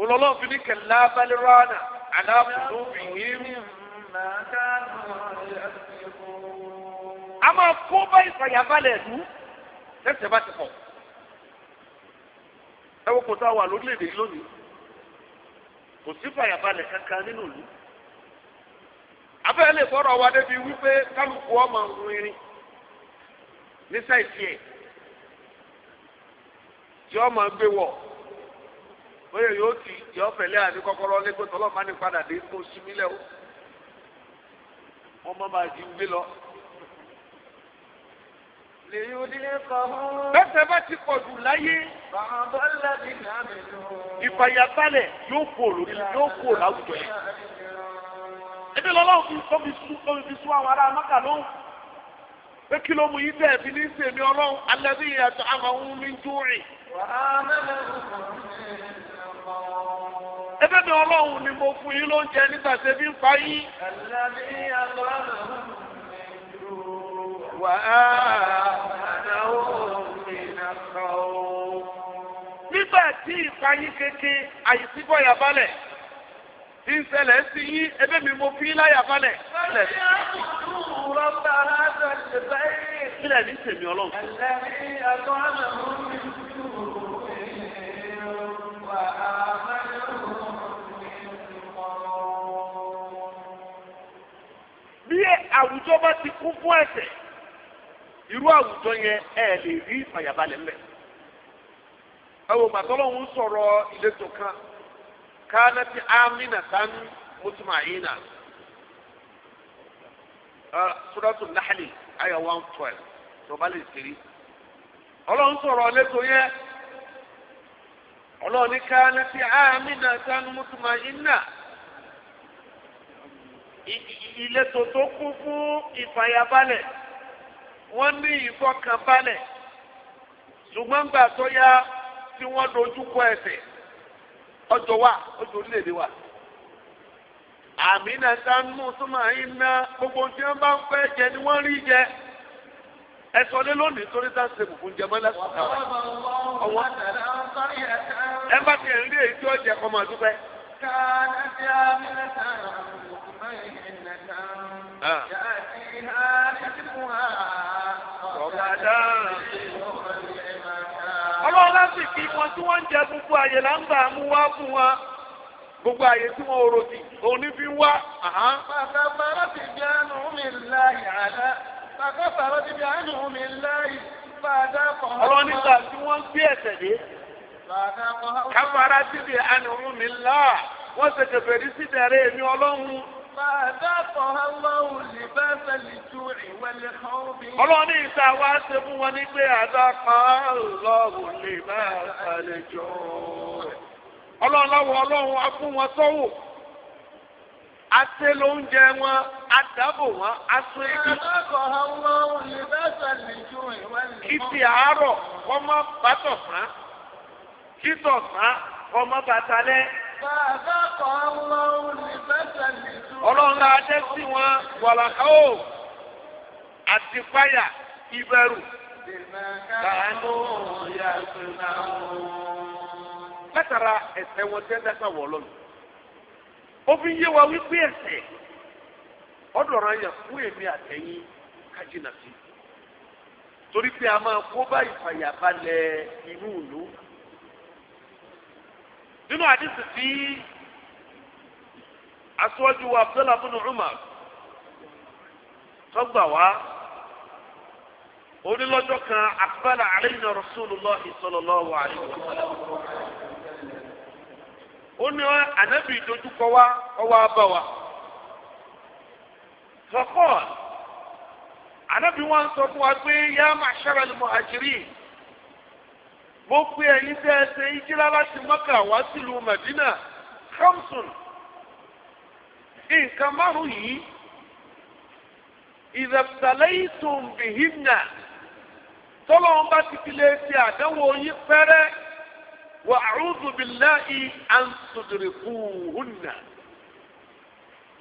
olólùfin ní kẹlẹ́ abẹ́lẹ́ a máa kó bá ìfàyàbalẹ̀ bá ẹ wo kò tá wà lórílẹ̀‐èdè yìí lónìí kò sí fàyàbalẹ̀ kankan nínú ìlú abẹ́rẹ́ lè fọ́rọ̀ wa débi wípé kálukú ọmọ rinrin ní sáìsì ẹ̀ tí ọmọ gbé wọ̀ bóyá yóò ti yọ fẹ̀lẹ́ àti kọ́kọ́rọ́ o wọ́n má bẹ́sẹ̀ bá ti pọ̀ jù láyé ìfàyàbalẹ̀ yóò kú òlòrí yóò kú òláwùjọ yẹn. ebi lọ́lọ́run fi tó fi sún tó fi sún àwọn ará amáka lóhùn pé kí ló mú yín tẹ̀ fi ní sèmi ọlọ́run alẹ́ bí ìyàtọ̀ àwọn ohun mi ń dùn rìn. ẹgbẹ́ mi ọlọ́run ni mo fún yín lóúnjẹ nígbà tẹ́bí ń pa yín. وآمنهم من الخوف nígbà tí ìpayín kéke àyísíbọ̀ yàbálẹ̀ tí ń ṣẹlẹ̀ sí yín ẹgbẹ́ mi mo fi láyàbálẹ̀. sílẹ̀ ní sèmi ọlọ́run. bí àwùjọ bá ti kún fún ẹ̀ṣẹ̀. irú àwùjọ yẹn ẹ lè rí ìfàyàbalẹ̀ ńbẹ̀. ẹ̀wò gbàtọ́lọ́hún sọ̀rọ̀ ìletò kan káná ti amina tán mutmaina. Ah, suratu nahli aya one twelve tó lè ṣeré. ọlọ́run sọ̀rọ̀ ìletò yẹn ọlọ́run ní káná ti amina tán mutmaina ìletò tó kún fún ìfàyàbalẹ̀. wọ́n ní ìfọkànbalẹ̀ ṣùgbọ́n gbà tó yá tí wọ́n dojú kọ ẹsẹ̀ ọjọ́ wa ọjọ́ orílẹ̀-èdè wa àmì náà sánú súnmọ́ yín ná gbogbo tí wọ́n bá ń fẹ́ jẹ ni wọ́n rí jẹ ẹ sọ lé lónìí torí sáà ń ṣe bùkún jẹ mọ́lá ọwọ́ ẹ bá ti rí èyí tí ó jẹ kọ́ máa كانت عاملة مطمئنة يأتيها رزقها رغدا ọlọ́run láti fi wọn tí wọ́n ń jẹ gbogbo àyè là ń gbà mú wá fún wa gbogbo àyè tí wọ́n rò sí òní fi wá. bàbá bàbá ti bí àánú mi láyé àná bàbá bàbá ti bí àánú mi láyé bàdá kan. ọlọ́run nígbà tí wọ́n ń gbé ẹ̀sẹ̀ dé kámara síbi ànàmú mi lá wọ́n ṣe kẹfẹ́rí síbi ààrẹ èmi ọlọ́run. Fàdákọ̀ aláwọ̀ lè bá sẹ́lì ju ìwẹ́lẹ̀ kan bí. Ọlọ́run ìta wá ṣe fún wọn ní pé àdákọ̀ aláwọ̀ lè bá sẹ́lì jọ. Ọlọ́run ọlọ́run á fún wọn sọ́wọ́ ase ló ń jẹ wọn adabo wọn aṣọ ebi. kìtì àárọ̀ wọ́n máa bàtọ̀ fún un. títọ̀ sá ọmọ bàtà lẹ. bàbá kan lọ́wọ́ ní bẹ́sẹ̀ mi ọlọ́run la sí wọn wàlàkà ó àti fáyà ìbẹ̀rù. kàánú náà. látara ẹsẹ̀ wọn tẹ́ dáká wọ̀ lọ́nu. ó fi yé wa wípé ẹsẹ̀ ọ̀dọ̀rọ̀ yẹn fún èmi àtẹ̀yìn kájínà sí torí pé a máa kó nínú àdìsí tí aṣáájú wa Abdullahi bin Umar tọgbà wá onílọ́jọ́ kan akbala alayna rasulillah sallallahu alayhi wa sallam ó ní ànábì dojúkọ wa ọwọ́ abá wa fọkọ́ọ̀lù ànábì wọn sọ fún wa pé yá ma'shara al-muhajirin. mo pe ẹ̀yin tẹ́ ẹ ṣe ìjírá láti mọ́kà wá sílùú Mẹ̀dínà khamsun nǹkan márùn yìí ìrẹ̀pẹ̀lẹ́yìntùn bìhínà tọ́lọ́wọ́n bá ti fi lè ṣe àdánwò yín pẹ́rẹ́ wà a'udhu an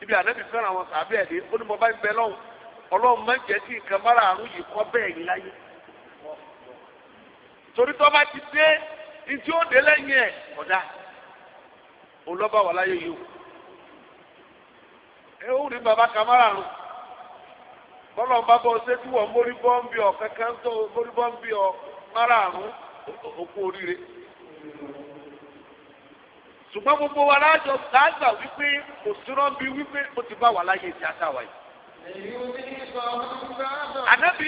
ibi ànábì fẹ́ràn àwọn sàbẹ̀ ẹ̀dẹ́ ó ní mo bá ń bẹ lọ́hùn ọlọ́run má jẹ́ kí nǹkan márùn yìí kọ́ bẹ́ẹ̀ láyé. torí tó bá ti dé ntí ó lẹ́yìn ẹ̀ kọ̀dá olọ́ba wà o ẹ ó rí baba kamara lò bọ́lọ̀ ń bá bọ́ ọ mórí bọ́ ń ọ kankan tó mórí bọ́ ń bí ọ márààrún òkú oríire ṣùgbọ́n gbogbo wa lájọ lágbà wípé kò súnrọ́ bí wípé ó ti bá wà láyé tí a ta ànábì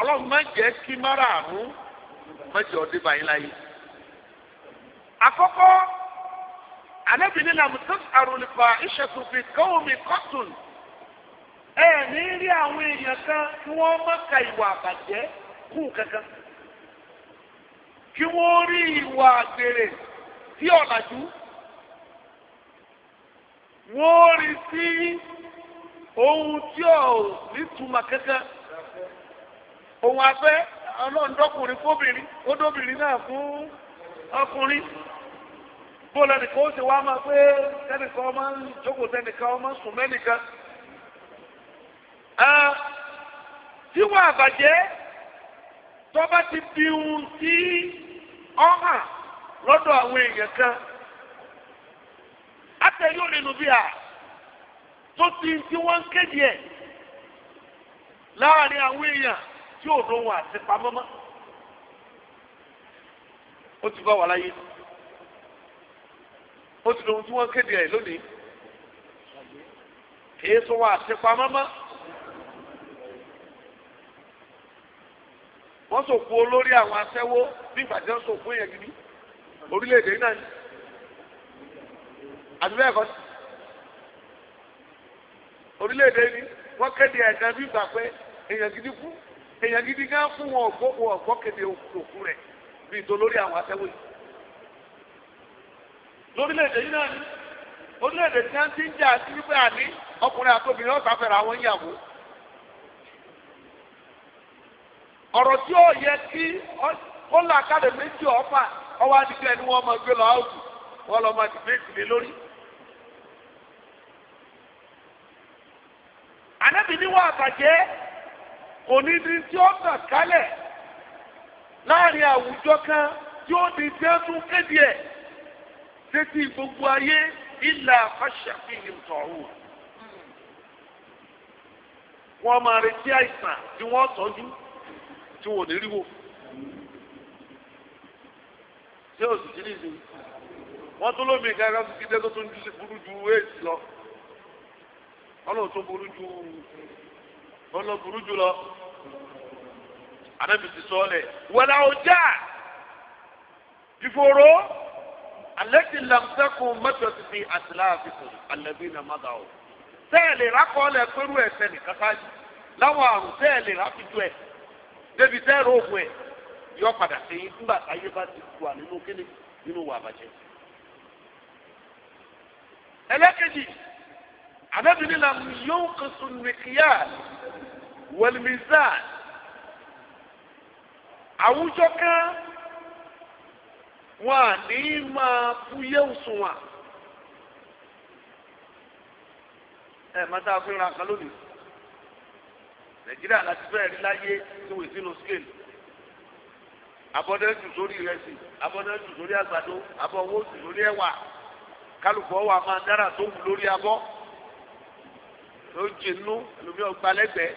ọlọ́run má jẹ́ kí márààrún má jẹ́ ọdẹ báyìí láyé. àkọ́kọ́ anábìnrin làmùtọ́ àrùlùfà ìṣẹ̀tùfì kọ́ọ̀mì kọ́tùn ẹ ní rí kan kí wọ́n ka ìwà àbàjẹ́ kú kankan kí wọ́n rí ìwà àgbèrè sí ọ̀làjú wọ́n rí sí ohun tí ò kankan. òun afẹ́ ọlọ́ọ̀dọ́kùnrin fóbìnrin ó náà fún ọkùnrin bó lẹ́nìkan ó sì wá máa pé sẹ́nìkan ọmọ ń jókòó sẹ́nìkan ọmọ sùn mẹ́nìkan. tíwọ́ àbàjẹ́ tọ́ba ti di ohun tí ọ hàn lọ́dọ̀ àwọn èèyàn kan àtẹ̀yọ́ nínú bíà tó ti tí wọ́n ń kéde ẹ̀ tí ò lóhun àṣepamọ́ mọ́ ó ti bá wà láyé ó ti lóhun tí wọ́n kéde ẹ̀ lónìí kìí wọ́n àṣepamọ́ mọ́ wọ́n sòkú olórí àwọn aṣẹ́wó bí ìgbàdí wọ́n sòkú èèyàn gidi orílẹ̀-èdè náà ni àti bẹ́ẹ̀ èèyàn gidi gan fún wọn ọ̀gbọ́ wọn ọgbọ kéde òkú rẹ̀ bíi dolórí àwọn yìí náà ni orílẹ̀ tí ti ń jà sí wípé àní ọkùnrin àtòbìnrin ọ̀sán fẹ́ra àwọn ìyàwó ọ̀rọ̀ tí ó yẹ kí ó là kálẹ̀ méjì ọ̀fà ọwọ́ adigun ẹni wọ́n máa gbé lọ áwùjù wọ́n lọ́ máa dìbẹ́tì lé lórí. ànábì níwọ̀n àbàjẹ́ kò ní di tí ó tàn kálẹ̀ láàrin àwùjọ kan tí ó di tí ó tún kéde ẹ̀ sétí gbogbo ayé ìlà fàṣàfihàn tọ̀hún. wọ́n máa retí àìsàn tí wọ́n tọ́jú tí wọ́n ò ní rí wò. ṣé o sì ti ní ìsinmi? wọ́n tún lómi gàgà kíkẹ́ tó tún burú ju èsì lọ. wọ́n tún burú ju ó lọ burú jùlọ anabi ti sọ lẹ wàlà ọjà ìfòró alẹ́tì làmsẹ́kùn mẹ́tọ́sí fi àtìláàfin sọ̀rọ̀ alẹ́bí nà mọ́tà o sẹ́ẹ̀lì rákọ́ọ̀lẹ̀ pẹ̀lú ẹ̀sẹ̀ nìkan sáájú láwọn àrùn sẹ́ẹ̀lì rákìtú ẹ̀ débi sẹ́ẹ̀rì òògùn ẹ̀ yọ padà sí nígbà táyé bá ti wà nínú kíni nínú wà bàjẹ́. ẹlẹ́kejì anabi ni làmú yóò kẹsùn nìkíyà wal-mizan àwùjọ kan wọn à ní máa fúyẹ́ òṣùwọ̀n ẹ máa tá a fi ra kan lónìí nàìjíríà láti fẹ́ẹ̀ rí láyé tí wò sínú scale abọ́dẹ́ jù sórí ìrẹsì abọ́dẹ́ jù sórí àgbàdo abọ́wọ́ jù sórí ẹ̀wà kálukọ́ wa máa dára tó wù lórí abọ́ ló jìnnú ẹlòmíràn gbalẹ́gbẹ̀ẹ́.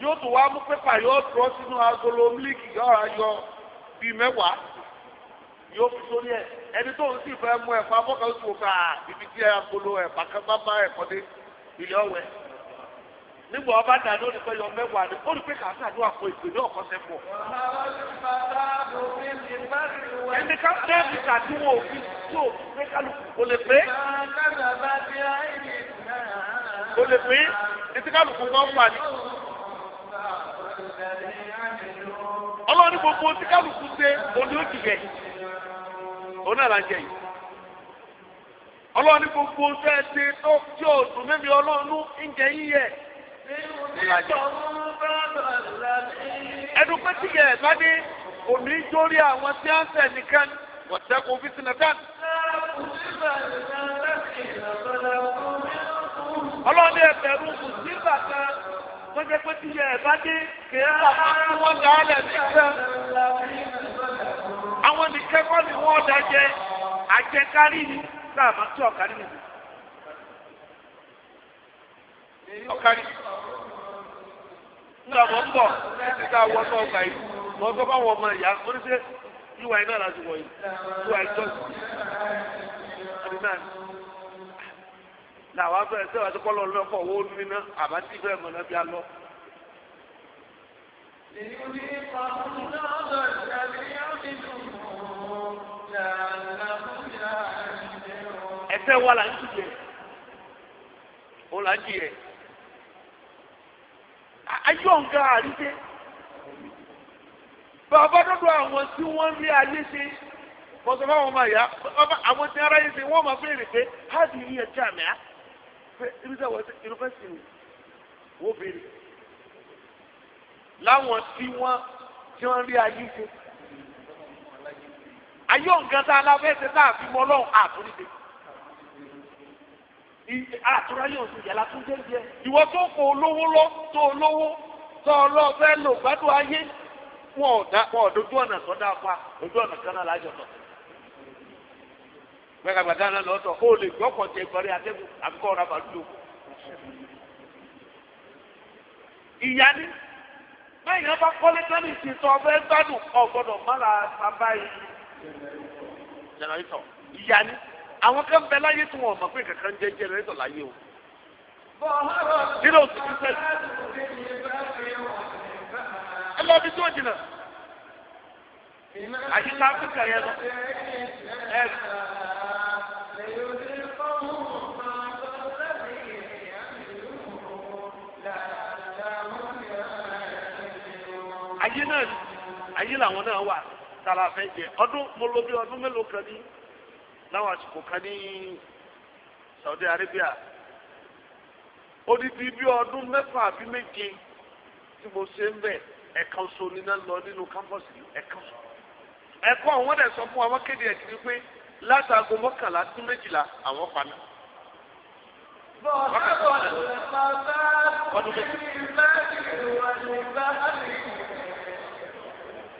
yóò tún wá mú pépà yóò dúró sínú agolo mílíkì yóò ayọ bíi mẹ́wàá yóò fi sórí ẹ̀ ẹni tó ń sì fẹ́ mú ẹ̀fọ́ abọ́kà oṣù òkà ibi tí agolo ẹ̀fà kan bá bá ẹ̀fọ́ dé ilé ọ̀wẹ́ nígbà ọba dàní ó ní pé yọ mẹ́wàá ni ó ní pé kà á sàdúrà àpò ìpè ní ọ̀kọ́ sẹ́pọ̀. ẹni ká tẹ́ẹ̀bì kàdúrà òfin tí ò pé kálukú kò lè pé. kò lè pé etí kálukú kan wà ní. ọlọ́run ní gbogbo tí kálukú ṣe òní ó ti òun náà ń jẹ yìí ọlọ́run ní gbogbo ṣe é ṣe tó tí ò dùn mímí ọlọ́run ń jẹ ẹnu pé tí yẹ bá dé jórí àwọn tí a tó jẹ́ pé tíṣe ẹ̀ bá dé kì í àwọn nìkan kọ́ ni wọ́n da jẹ àjẹkárí ni sáàmà tí ọ̀kárí ni. ọ̀kárí nígbà mọ̀ ń bọ̀ nígbà wọ́n tó ọgbà yìí mọ̀ tó bá wọ ọmọ ìyá làwọn abẹ́rẹ́ sẹ́wọ̀n àti kọ́lọ́ lọ́kọ̀ owó níná àbátí bẹ́ẹ̀ mọ̀ náà bí a lọ. ẹsẹ̀ wa là ń dìde ó là ń dìde ayé ọ̀ǹga àríṣe bàbá dọ́dọ̀ àwọn tí wọ́n rí ayé ṣe mọ̀sán fáwọn ọmọ ìyá àwọn tí ara yẹ ṣe wọ́n máa fẹ́rẹ̀ pé háàdì yìí ẹ̀ tí àmì á irúfẹ́ wọ́n irúfẹ́ sì ni wọ́n béèrè láwọn tí wọ́n tí wọ́n rí ayé fún ayé ọ̀gá tá a la fẹ́ ṣe tá a fi mọ́ ọlọ́run àtúndé àtúrà yóò sì yàrá tún jẹ́ jẹ́ ìwọ tó kọ olówó lọ tó olówó tó ọlọ́ọ̀fẹ́ lò gbádùn ayé wọn ò dojú ọ̀nà sọ́dá pa ojú ọ̀nà kan náà lájọ sọ̀tọ̀ gbàgbàgbà náà lọ́tọ̀ ó lè gbọ́kàn tẹ ìgbọ́rí atẹ́gùn àbíkọ́ ọ̀rọ̀ àbàdúró. ìyá ni báyìí wọn bá kọ́lé tẹ́lẹ̀ ti sọ ọbẹ̀ gbádùn ọ̀gbọ́dọ̀ mọ́ra bàbá yìí. jẹnẹrétọ̀ ìyá ni àwọn kan bẹ láyé tí wọn mọ̀ pé kankan jẹ́ jẹnẹrétọ̀ láyé o. nínú òsì títẹ̀ ẹ lọ bí tí yẹn lọ ẹ. ayé náà ayé làwọn náà wà tara fẹ́ jẹ ọdún mo lò bí ọdún mélòó kan ní láwọn àsìkò kan ní Saudi Arabia odidi bí ọdún mẹ́fà àbí méje tí mo ṣe ń bẹ̀ ẹ̀ka oṣù nínú lọ nínú kámpọ̀sì ẹ̀ka oṣù ẹ̀kọ́ àwọn ọ̀dẹ̀ sọ fún àwọn kéde ẹ̀jì ni pé látàgò mọ́kànlá sí méjìlá àwọn pa mí. ọdún méjì.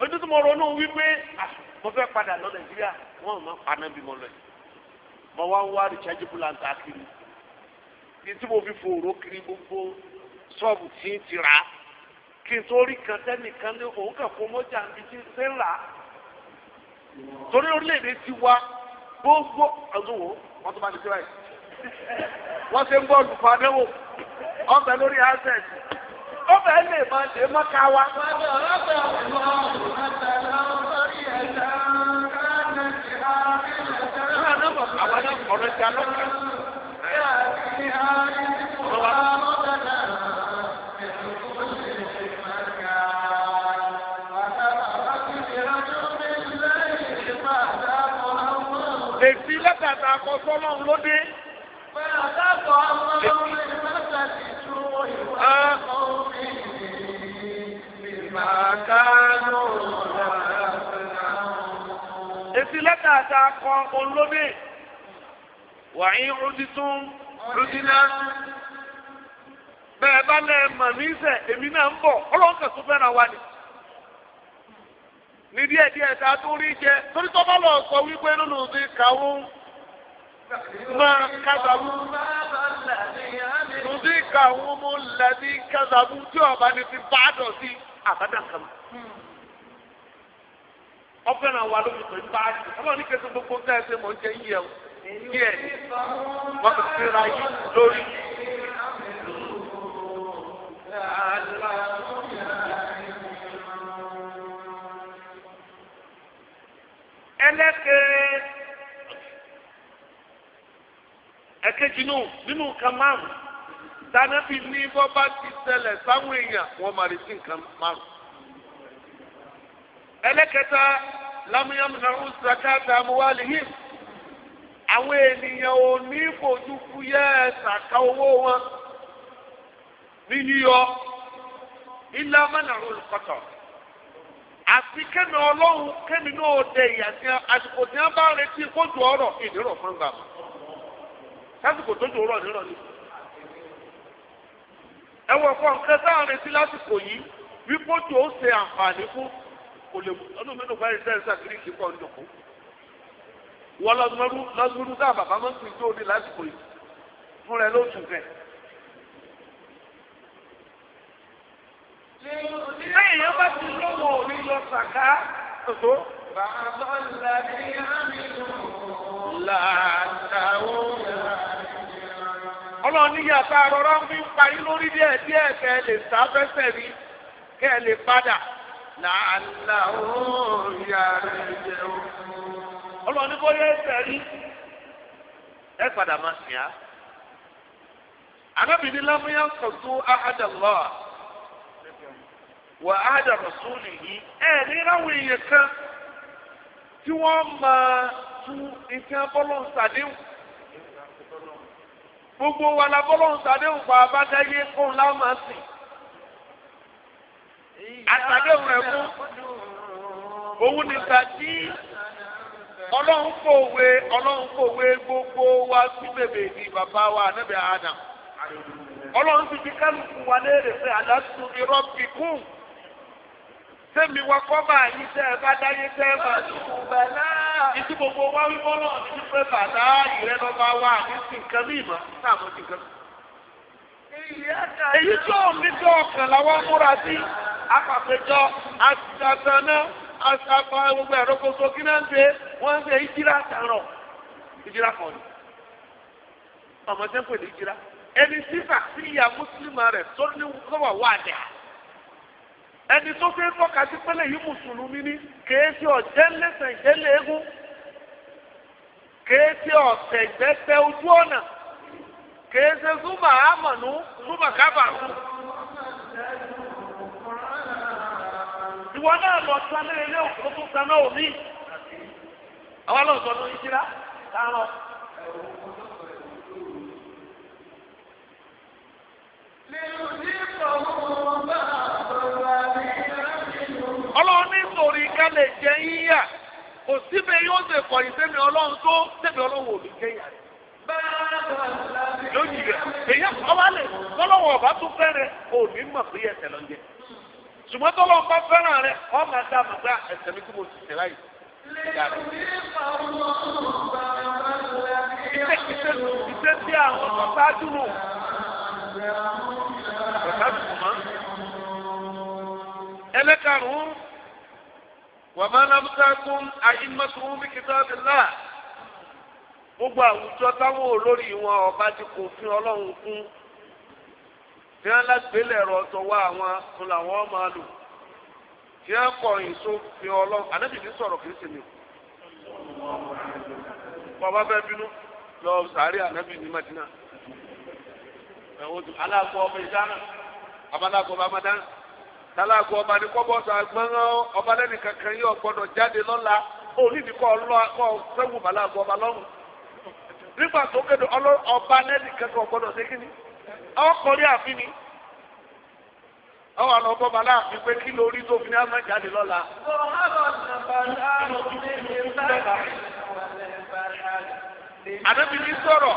ojú tí mo ronú wípé ah, mo fẹ́ padà lọ nàìjíríà wọ́n mọ̀ paná bí mo lọ yìí wá wá rechargeable kiri tí kiri gbogbo ṣọ́ọ̀bù tí ń tira kí n tó rí kan sẹ́nìkan ní òun kàn fún mọ́jà níbi ti wá gbogbo ọdún wo tó bá ní síra yìí wọ́n ṣe ń fún adéwò lórí ó fẹ́ lè máa dé mọ́ká wa. Èsì lẹ́tà tá a kọ sọ́nà lóde. Bẹ́ẹ̀ àtàkọ́ àwọn ọmọ mi mẹ́ta ti tú òyìnbó. kánú èsì lẹ́tà àtà kan olóbè wàyí rúdítún rúdínà bẹ́ẹ̀ bá lẹ́ mọ̀ èmi náà ń bọ̀ ọlọ́run kẹsùn wa ni ní díẹ̀ díẹ̀ tá a rí jẹ torí tó bá lọ sọ wípé nínú ti kàwó máa kábàámú nínú ti kàwó mú lẹ́ni kábàámú àbádà kan ọfẹ́ràn wa ló fi pè ní báyìí ọlọ́run ní kẹsàn-án gbogbo ń tẹ́lẹ̀ pé mò ń jẹ yíyẹ o yíyẹ ni wọ́n fi fi ra yí lórí. ẹlẹ́kẹ̀ ẹ̀kejì nù nínú kan márùn-ún. tànàbí ní bọ́ bá ti ṣẹlẹ̀ sáwọn èèyàn wọ́n máa retí nǹkan márùn. ẹlẹ́kẹta lámúyámúnáwó sàkáàtà amúwálì yìí àwọn ènìyàn ò ní fojú fúyẹ́ owó wọn ní yíyọ ilé amánàró olùkọ́tọ̀ àti kẹ́mi ọlọ́run kẹ́mi náà dẹ ìyàtí àsìkò tí bá retí kójú ọ̀rọ̀ ìdírọ̀ fún sásìkò tó ẹ wọ ọkọ nǹkan tá à ń retí lásìkò yìí wípé ojú ó ṣe àǹfààní fún kò lè ọdún mélòó bá rí sẹ́yìn sàkírí kí pọ̀ ńdọ̀kọ́ wọ́n lọ́dúnrún lọ́dúnrún tá bàbá máa ń pín tó ní lásìkò yìí fún rẹ ló tún fẹ́. lẹ́yìn yẹn bá ti lọ́wọ́ òní lọ sàká tó. bàbá ọ̀la ni àmì lò. làtàwọn ọlọ́run níyà tá a rọra ń fi parí lórí díẹ̀ díẹ̀ kẹ́ ẹ lè sá fẹ́sẹ̀ rí kẹ́ ẹ lè padà làálà òòyà rẹ̀ jẹ́ o. ọlọ́run ní bóyá ẹsẹ̀ rí ẹ padà máa sìn á. anábìíní lámúyá ń sọ tó ahadà lọ́wọ́ wà ahadà rọ̀súlì yìí ẹ̀ ní ráwọ̀ èèyàn kan tí wọ́n máa tú ìfẹ́ bọ́lọ̀ sàdéhùn. gbogbo wa la bọ́lọ́hún sàdéhùn pa abájáyé fún láwọn máa sìn. àtàdéhùn rẹ̀ fún tí gbogbo wa sí bèbè ní bàbá wa Adam. ọlọ́run ti fi kálukú wa léèrè pé irọ́ bìkún. sẹ́mi wa kọ́ bá yí tẹ́ ẹ bá dáyé tẹ́ ẹ bá bàlá. Ìdí gbogbo wa wíwọ́ náà ní pé bàlá ìrẹ́ lọ bá wà ní nǹkan ní ìmọ̀ táàmù ti gan. Èyí tó mi tó ọkàn làwọn múra sí apàpéjọ àtàtàná àtàpá gbogbo ẹ̀rọ gbogbo kí náà ń ṣe wọ́n ń ṣe ìjírá àtàrọ̀ ìjírá kan ni. Ọmọ tẹ́ ń Ẹni sísà sí ìyá Mùsùlùmí rẹ̀ tó ní kọ́wà ẹni tó fẹ́ tọ́ka sí pẹ́lẹ́ yìí mùsùlùmí ni kéésì ọ̀jẹ́ lẹ́sẹ̀ ìjẹ́ léegun kéésì ọ̀sẹ̀ ìgbẹ́sẹ̀ ojú ọ̀nà kéésì zuma amọ̀nù zuma kábàánù. ìwọ náà lọ sí alẹ́ ilé òkú tó saná òní àwọn alọ́sọ ló ń jira kárọ̀. lẹ́yìn. ọlọ́run nítorí ká lè jẹ yíyà kò síbẹ̀ yóò ṣe kọ̀yìn sẹ́mi ọlọ́run tó sẹ́mi ọlọ́run ò lè jẹ yà lónìí rẹ̀ èyí ọba lè tọ́lọ́wọ̀ ọba tún fẹ́rẹ̀ òní mọ̀ pé ẹsẹ̀ lọ jẹ ṣùgbọ́n tọ́lọ́wọ̀ bá fẹ́ràn rẹ̀ ọ máa dá àmọ̀ gbá ah, ẹsẹ̀ mi kí mo ti tẹ̀ láyìí. Iṣẹ́ tí àwọn bàbá dúró. Bàbá dùn mọ́. Ẹlẹ́karùn-ún wàmà lámùsákùn àyínmọ́sùn bí kìtàbílà gbogbo àwùjọ táwọn olórí wọn ọba ti kò fún ọlọ́run fún tí wọn lágbélé ẹ̀rọ tọwọ́ àwọn fún làwọn máa lò tí wọn kọ èso fún ọlọ́run ànábì ní sọ̀rọ̀ kìí sèmi bàbá fẹ́ bínú lọ sàárè ànábì ní Madina ẹ̀wọ̀n aláàgbọ̀ ọmọ ìdáná abalagbọ̀ ọmọ amadana. tálákù ọba ní kọ́ bọ́ọ̀sì agbọ́nrán ọba lẹ́nu kankan yóò gbọ́dọ̀ jáde lọ́la onídìí kọ́ sẹ́wù màláàgù ọba lọ́rùn nígbà tó kéde ọba lẹ́nu kankan gbọ́dọ̀ ṣe kíni ọkùnrin ni ọwọ́ àná ọgbọ́n bàlá pé kí jáde lọ́la. sọ̀rọ̀.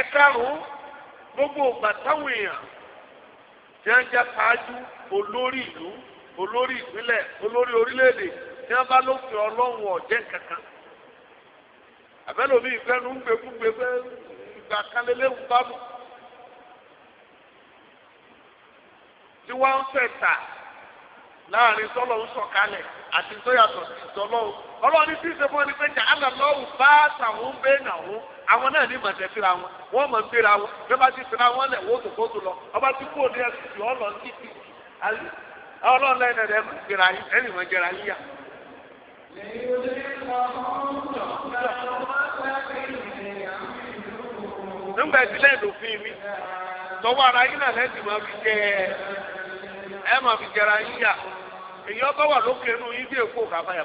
ẹ̀karùn gbogbo ìgbà èèyàn tí wọ́n já ṣáájú olórí ìlú olórí ìpínlẹ̀ olórí orílẹ̀ tí wọ́n bá lófin ọlọ́run ọ̀jẹ́ kankan àbẹ́lòmí ìfẹ́nu ń ìgbà kan lélẹ́wù tí wọ́n ń fẹ́ láàrin ń àti tí ni àwọn náà ní mọ̀tẹ́ síra wọn wọ́n mọ̀ síra wọn bí wọ́n bá ti síra wọn lẹ̀ wọ́n tó kó tó lọ ọba tí ní ní ti jẹra nígbà mi tọwọ́ ara yín náà fi jẹ máa fi jẹra èyí wà lókè inú bí èkó kà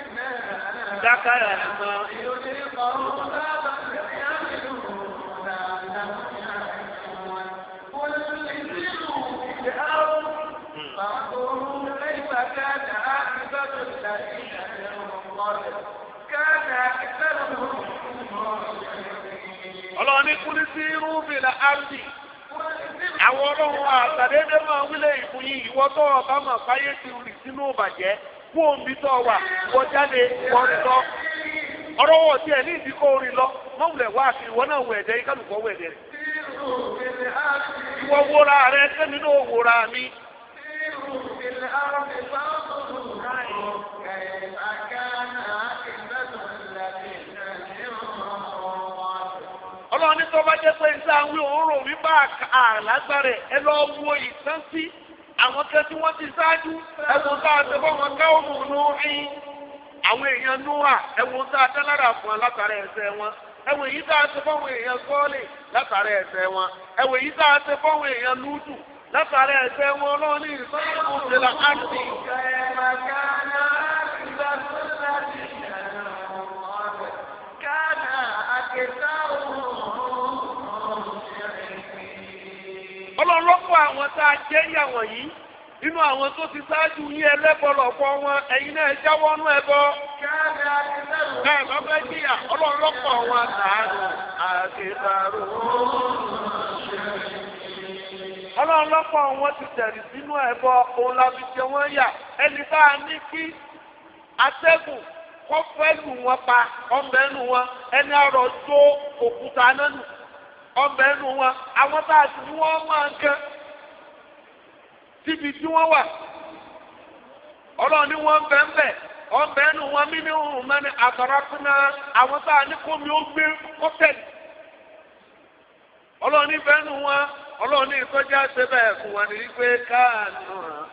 dákàrà mọ́. Ọlọ́run ní kúlí sí Rúbìlà Ábì. Àwọn ọlọ́run àtàdédé wílé ìfún yìí ọ̀bá máa fáyé ti rì sínú ìbàjẹ́. fún omi tó wà wọ́n jáde wọ́n lọ ọ̀rọ̀ wọ̀ ní ìdíkọ́ orin lọ ma wá àti ìwọ náà na ẹ̀dẹ́ yìí kálukọ́ wọ rẹ̀. ìwọ wòra rẹ sẹ́mi náà wòra mi. ọlọ́run ní tó bá jẹ́ pé ń bá àlágbára àwọn kan tí wọ́n ti ṣáájú ẹ̀wọ̀n tá a ṣe fọ́wọ́n ká òmù nùhìn àwọn èèyàn núhà ẹ̀wọ̀n tá a lára fún látara ẹ̀ṣẹ̀ wọn ẹ̀wọ̀n èyí tá a ṣe èèyàn sọ́ọ̀lì látara ẹ̀ṣẹ̀ wọn ẹ̀wọ̀n èyí tá a ṣe èèyàn lúdù látara ẹ̀ṣẹ̀ wọn ọlọ́ọ̀ni ìsọ́nà ọlọ́lọ́pọ̀ àwọn tá a jẹ́ yàwọ̀n yìí nínú àwọn tó ti ṣáájú yín ẹlẹ́bọ̀lọ̀pọ̀ wọn ẹ̀yin náà jáwọ́ nú ẹbọ. bẹ́ẹ̀ bá fẹ́ jìyà ọlọ́lọ́pọ̀ wọn ti tẹ̀rì sínú ẹbọ òun la fi jẹ wọ́n yà ẹni tá a ní kí atẹ́gùn kọ́fẹ́ lù wọn pa ọmọ ẹnu wọn ẹni àrọ̀ tó òkúta náà nù. Ọbẹ̀ ẹnu wọn àwọn bá a sì ní wọn máa ń kẹ síbi tí wọn wà ọlọ́run wọn bẹ ń bẹ ọmọ ẹnu wọn mí ní òun mẹni àtọrọkùnà ní kó mi ó gbé kó ọlọ́run ní bẹ wọn ọlọ́run ní bẹ́ẹ̀ fún wọn ní káàánú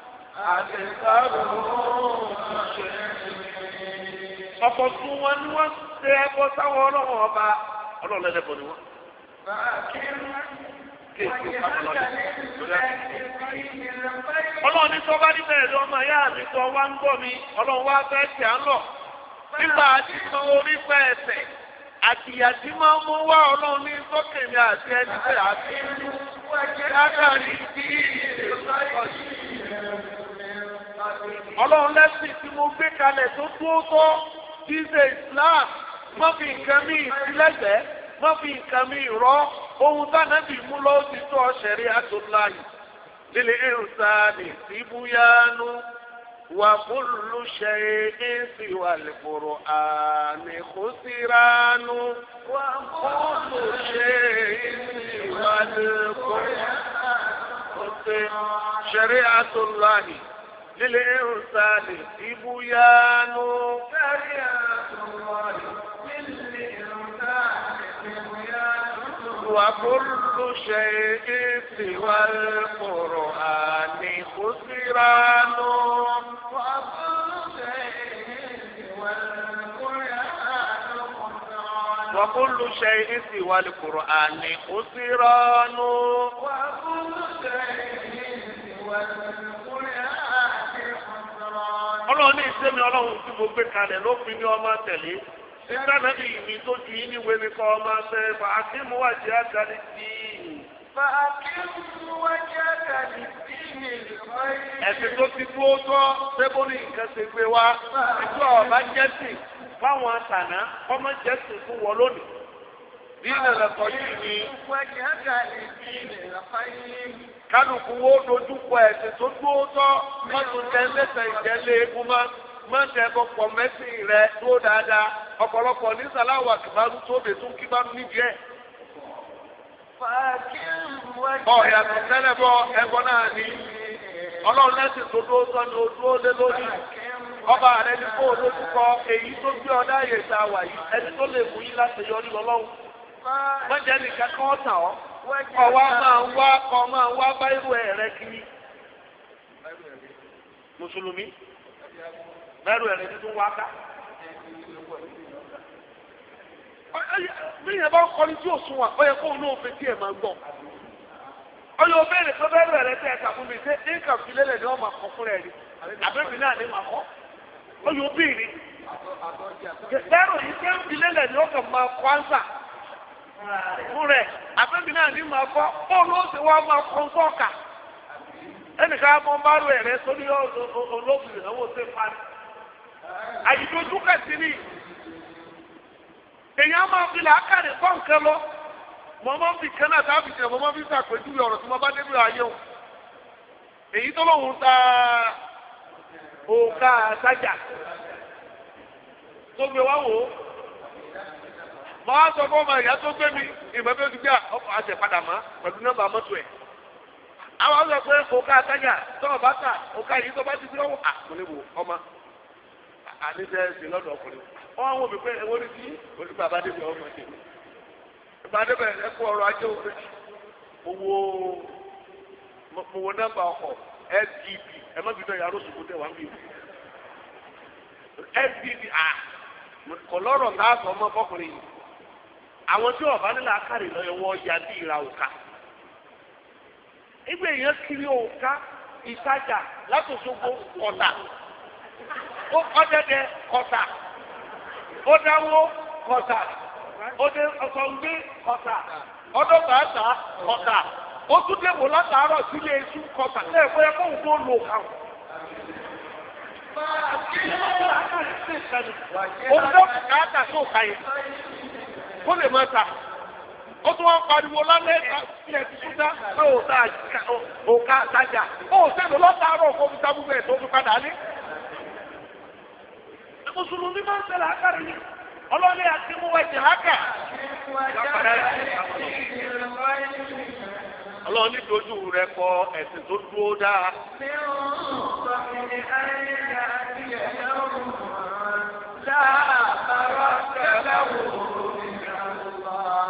tún wọn ni wọ́n ṣe ẹbọ sáwọn ọlọ́run ọba ọlọ́run ní sọ́ba níbẹ̀ ló ọmọ ìyá mi sọ wá ń gbọ́ mi ọlọ́run wá fẹ́ tì á lọ nígbà orí pẹ́ ẹsẹ̀ àtìyà máa ń mú wá ọlọ́run ní sókè mi àti ẹni àti látàrí ọlọ́run lẹ́sìn tí mo gbé kalẹ̀ tó tó tọ́ nǹkan ìsílẹ̀gbẹ́. má fi nǹkan mi rọ ohun tánàbì mú lọ ti tó ọ̀ṣẹ̀rí àtúláyì lílé ìrùsàánì ìbúyánú wà kúlù ṣe é sì wà lẹ́kọ̀rọ̀ àmì kò sí ránú wà kúlù ṣe é sì wà lẹ́kọ̀rọ̀ àmì ṣẹ̀rí àtúláyì lílé ìrùsàánì ìbúyánú. ṣẹ̀rí àtúláyì. وكل شيء سوى القرآن خسران وكل شيء سوى القرآن خسران وكل شيء سوى القرآن خسران ọlọ́run ní ìsẹ́mi ọlọ́run tí mo gbé kalẹ̀ ló fi ní ọmọ tẹ̀lé nígbà náà bí mi tó ju yín níwèé mi kọ́ ọmọ ṣe fàákì mú wà jẹ́ àgàlì sí i. fàákì mú wà jẹ́ àgàlì sí i lọ́wọ́ yìí. ẹ̀sìn tó ti kú ó tọ́ sẹ́kọ́ ní nǹkan ṣe gbé wa ìjọ ọ̀bá jẹ́sìn fáwọn àtàná ọmọ jẹ́sìn fún wọn lónìí. Dínà lẹ̀kọ́ yìí ni. Wẹ̀jẹ̀ àgàlì sí i lọ́wọ́ kálukú wo dojúkọ ẹsẹ tó dúró tọ mọtò tẹlẹsẹ ìjẹlẹ egun máa. má ṣe ẹbọ mẹ́sìn rẹ dúró dáadáa ọ̀pọ̀lọpọ̀ ní sàláwà kìbárú tó bẹ̀ tún kíbá níbi ẹ̀. ọ̀yàtọ̀ tẹ́lẹ̀ bọ ẹbọ náà ni ọlọ́run ọba rẹ ní kó o èyí tó gbé ọdá ta wà yìí ẹni tó lè mú yín láti yọrí lọ́lọ́run nìkan kọ́ ọ́ máa ń wá Ọ ẹ̀rẹ̀ tuntun wá ká. bíyẹn bá kọ́ni tí yóò sunwọ̀n ó yẹ kó ní òfin tí ẹ̀ máa gbọ́. ọyọ béèrè tó bẹ́ẹ̀ rẹ̀ tẹ̀ ẹ̀ka fún mi ṣé nǹkan filẹ̀lẹ̀ ni wọ́n máa kọ́ fúnra ẹ̀ ni àbẹ́bí náà ni màá kọ́. béèrè. yìí ń wọ́n kàn máa kọ́ ánsà àyídójúkà sí ni èèyàn máa fi làákàrè kọ́ nǹkan lọ mọ mọ fi kan náà tábì tẹ mọ mọ fi sàpèjúwe ọ̀rọ̀ tí mo bá débi ayé o èyí tó lóun ta òkà sájà tó gbé wá wò ó mọ á sọ fún ọmọ ìyá tó gbé mi ìmọ̀ bí ó ti gbé ọkọ̀ àti ìpadà mọ́ pẹ̀lú nọ́mbà mọ́tò ẹ̀ àwọn sọ pé òkà sájà tó o bá ta òkà yìí tó bá ti gbé ọwọ́ àkùnrin wò ọmọ àníṣe ẹ̀sìn lọ́dọ̀ ọkùnrin wọ́n wọ́n mi pé ewé ní sí olùkọ́ àbádébẹ̀ ọmọ ẹ̀dẹ̀ àbádébẹ̀ ẹ̀kọ́ ọrọ̀ ajé owó owó nọ́mbà ọkọ̀ sdp ẹ má bìtọ̀ yàrá òṣùkú tẹ̀ wá ń bí sdp à kọlọ́rọ̀ káàkọ́ ọmọ fọkùnrin yìí àwọn tí ọba nílà akárè lọ́yọ̀ wọ́n ya bí ìra òka ìgbẹ́ yẹn kiri òka ìtajà látòṣogbo ọ̀tà ọdẹdẹ kọta ọdáwó kọta ọdẹ ọsọgbẹ kọta ọdọgbàtà kọta ọtúndẹwò látàárọ̀ sílé esu kọta ẹ fẹ kó n kó lò kàn. Òwúrọ̀ kàkàtà tó ka yìí, kó lè máa ta ó tún wọn pariwo lálẹ́ ilẹ̀ tuntun dá pé òkà àtajà ó sẹ́nu lọ́tàárọ̀ kó fi sábúgbẹ̀ tó fi padà ní mùsùlùmí máa ń ṣẹlẹ̀ àkàrà yìí ọlọ́ni àti múwẹ̀ jì hákà. ọlọ́ni dojú rẹ kọ ẹ̀sìn tó dúró dáa.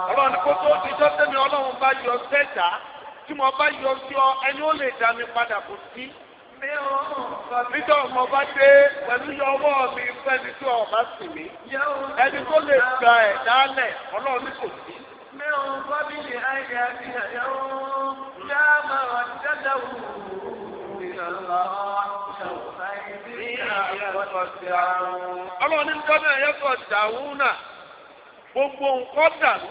ọlọ́ni kó tó ti jọ́sẹ́ mi ọlọ́run bá yọ sẹ́ta tí mo bá yọ sí ọ ẹni ó lè dá mi padà kò sí. Níjọ́ ọmọ bá dé pẹ̀lú yọ ọwọ́ mi fẹ́ni tí ọba sì mí. Ẹni tó lè gba ẹ̀ dálẹ̀ ọlọ́run ní kò sí. Mẹ́rùn-ún bábílì ayé àti àyẹ̀wò máa wà dáadáa wù ú ọlọ́run ní gbọ́dọ̀ ẹ̀yẹ́kọ̀ dàrú náà gbogbo nǹkan dàrú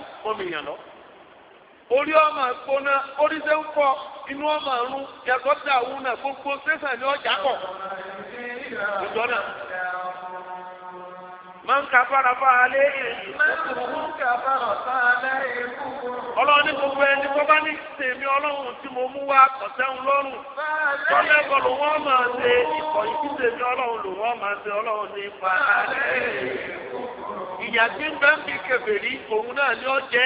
orí ọmọ gbóná orí ṣe ń fọ inú ọmọ ọrùn yàtọ̀ sí àwọn náà gbogbo ṣẹ̀ṣẹ̀ ọjà kọ̀ lójọ́ máa ń ka fara fa alẹ́ èyí. máa ń ka fara fa alẹ́ èyí. ọlọ́run ní gbogbo ẹni tó bá ní tèmi ọlọ́run tí mo mú wá kọ̀sẹ́hun lọ́rùn. tọ́lẹ̀ máa ṣe tèmi ọlọ́run wọ́n máa ṣe ọlọ́run ní alẹ́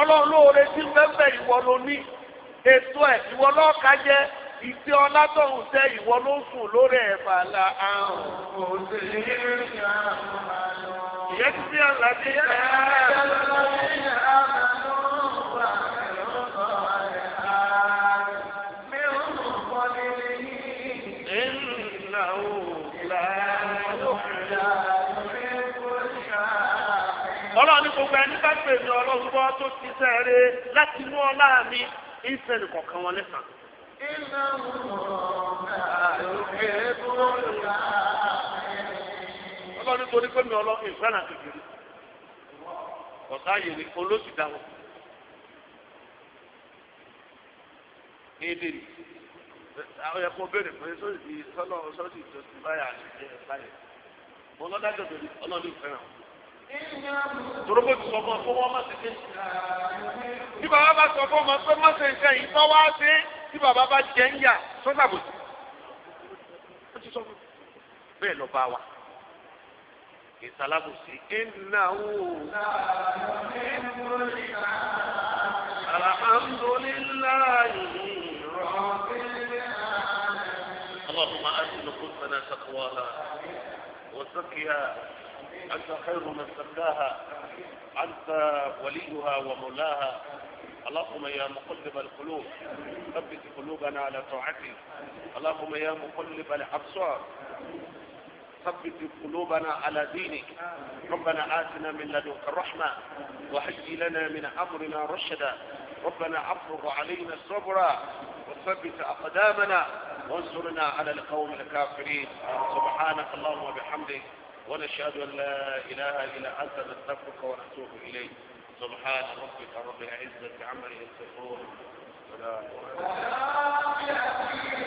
ọlọ́run lóore tí fẹ́fẹ́ ìwọ ló ní ètò ẹ̀ ìwọ lọ́ọ̀ka jẹ́ ìtì ọlátọ̀hún tẹ ìwọ ló sùn lórí ẹ̀fà la àrùn. ìyẹn ti fi hàn láti ẹ̀ ẹ́. gbogbo ẹni bá pè mí ọlọ́run tó ti sẹ́ẹ̀rẹ́ láti inú ọlá mi ìfẹ́ nìkọ̀ọ̀kan wọn lẹ́sàn. ọlọ́run tó ní pé mi ọlọ́run ìfẹ́ náà ti dìrì ọ̀sá yìí ni olóṣù dáhùn. ebèrè àwọn ẹ̀kọ́ pé sọ́ọ̀sì sọ́ọ̀sì tó ti báyà ṣe jẹ́ báyà mo ọlọ́run ìfẹ́ náà. torókò ti sọ fún ọ fún wọn má ṣe dé. bí bàbá bá sọ fún ọmọ pé má ṣe nǹkan yìí tọ́ wá sí tí bàbá bá jẹ ń yà sọ́sàbòsí. ó ti sọ fún bẹ́ẹ̀ lọ bá wa ìsàlámùsí ìnáwó. alhamdulilayi. اللهم أجل قلوبنا تقواها وزكها أنت خير من سكاها أنت وليها ومولاها اللهم يا مقلب القلوب ثبت قلوبنا على طاعتك اللهم يا مقلب الأبصار ثبت قلوبنا على دينك ربنا آتنا من لدنك الرحمة وهيئ لنا من أمرنا رشدا ربنا أفرغ علينا صبرا وثبت أقدامنا وانصرنا على القوم الكافرين سبحانك اللهم وبحمدك ونشهد أن لا إله إلا أنت نستغفرك ونتوب إليك سبحان ربك رب العزة عما يصفون سلام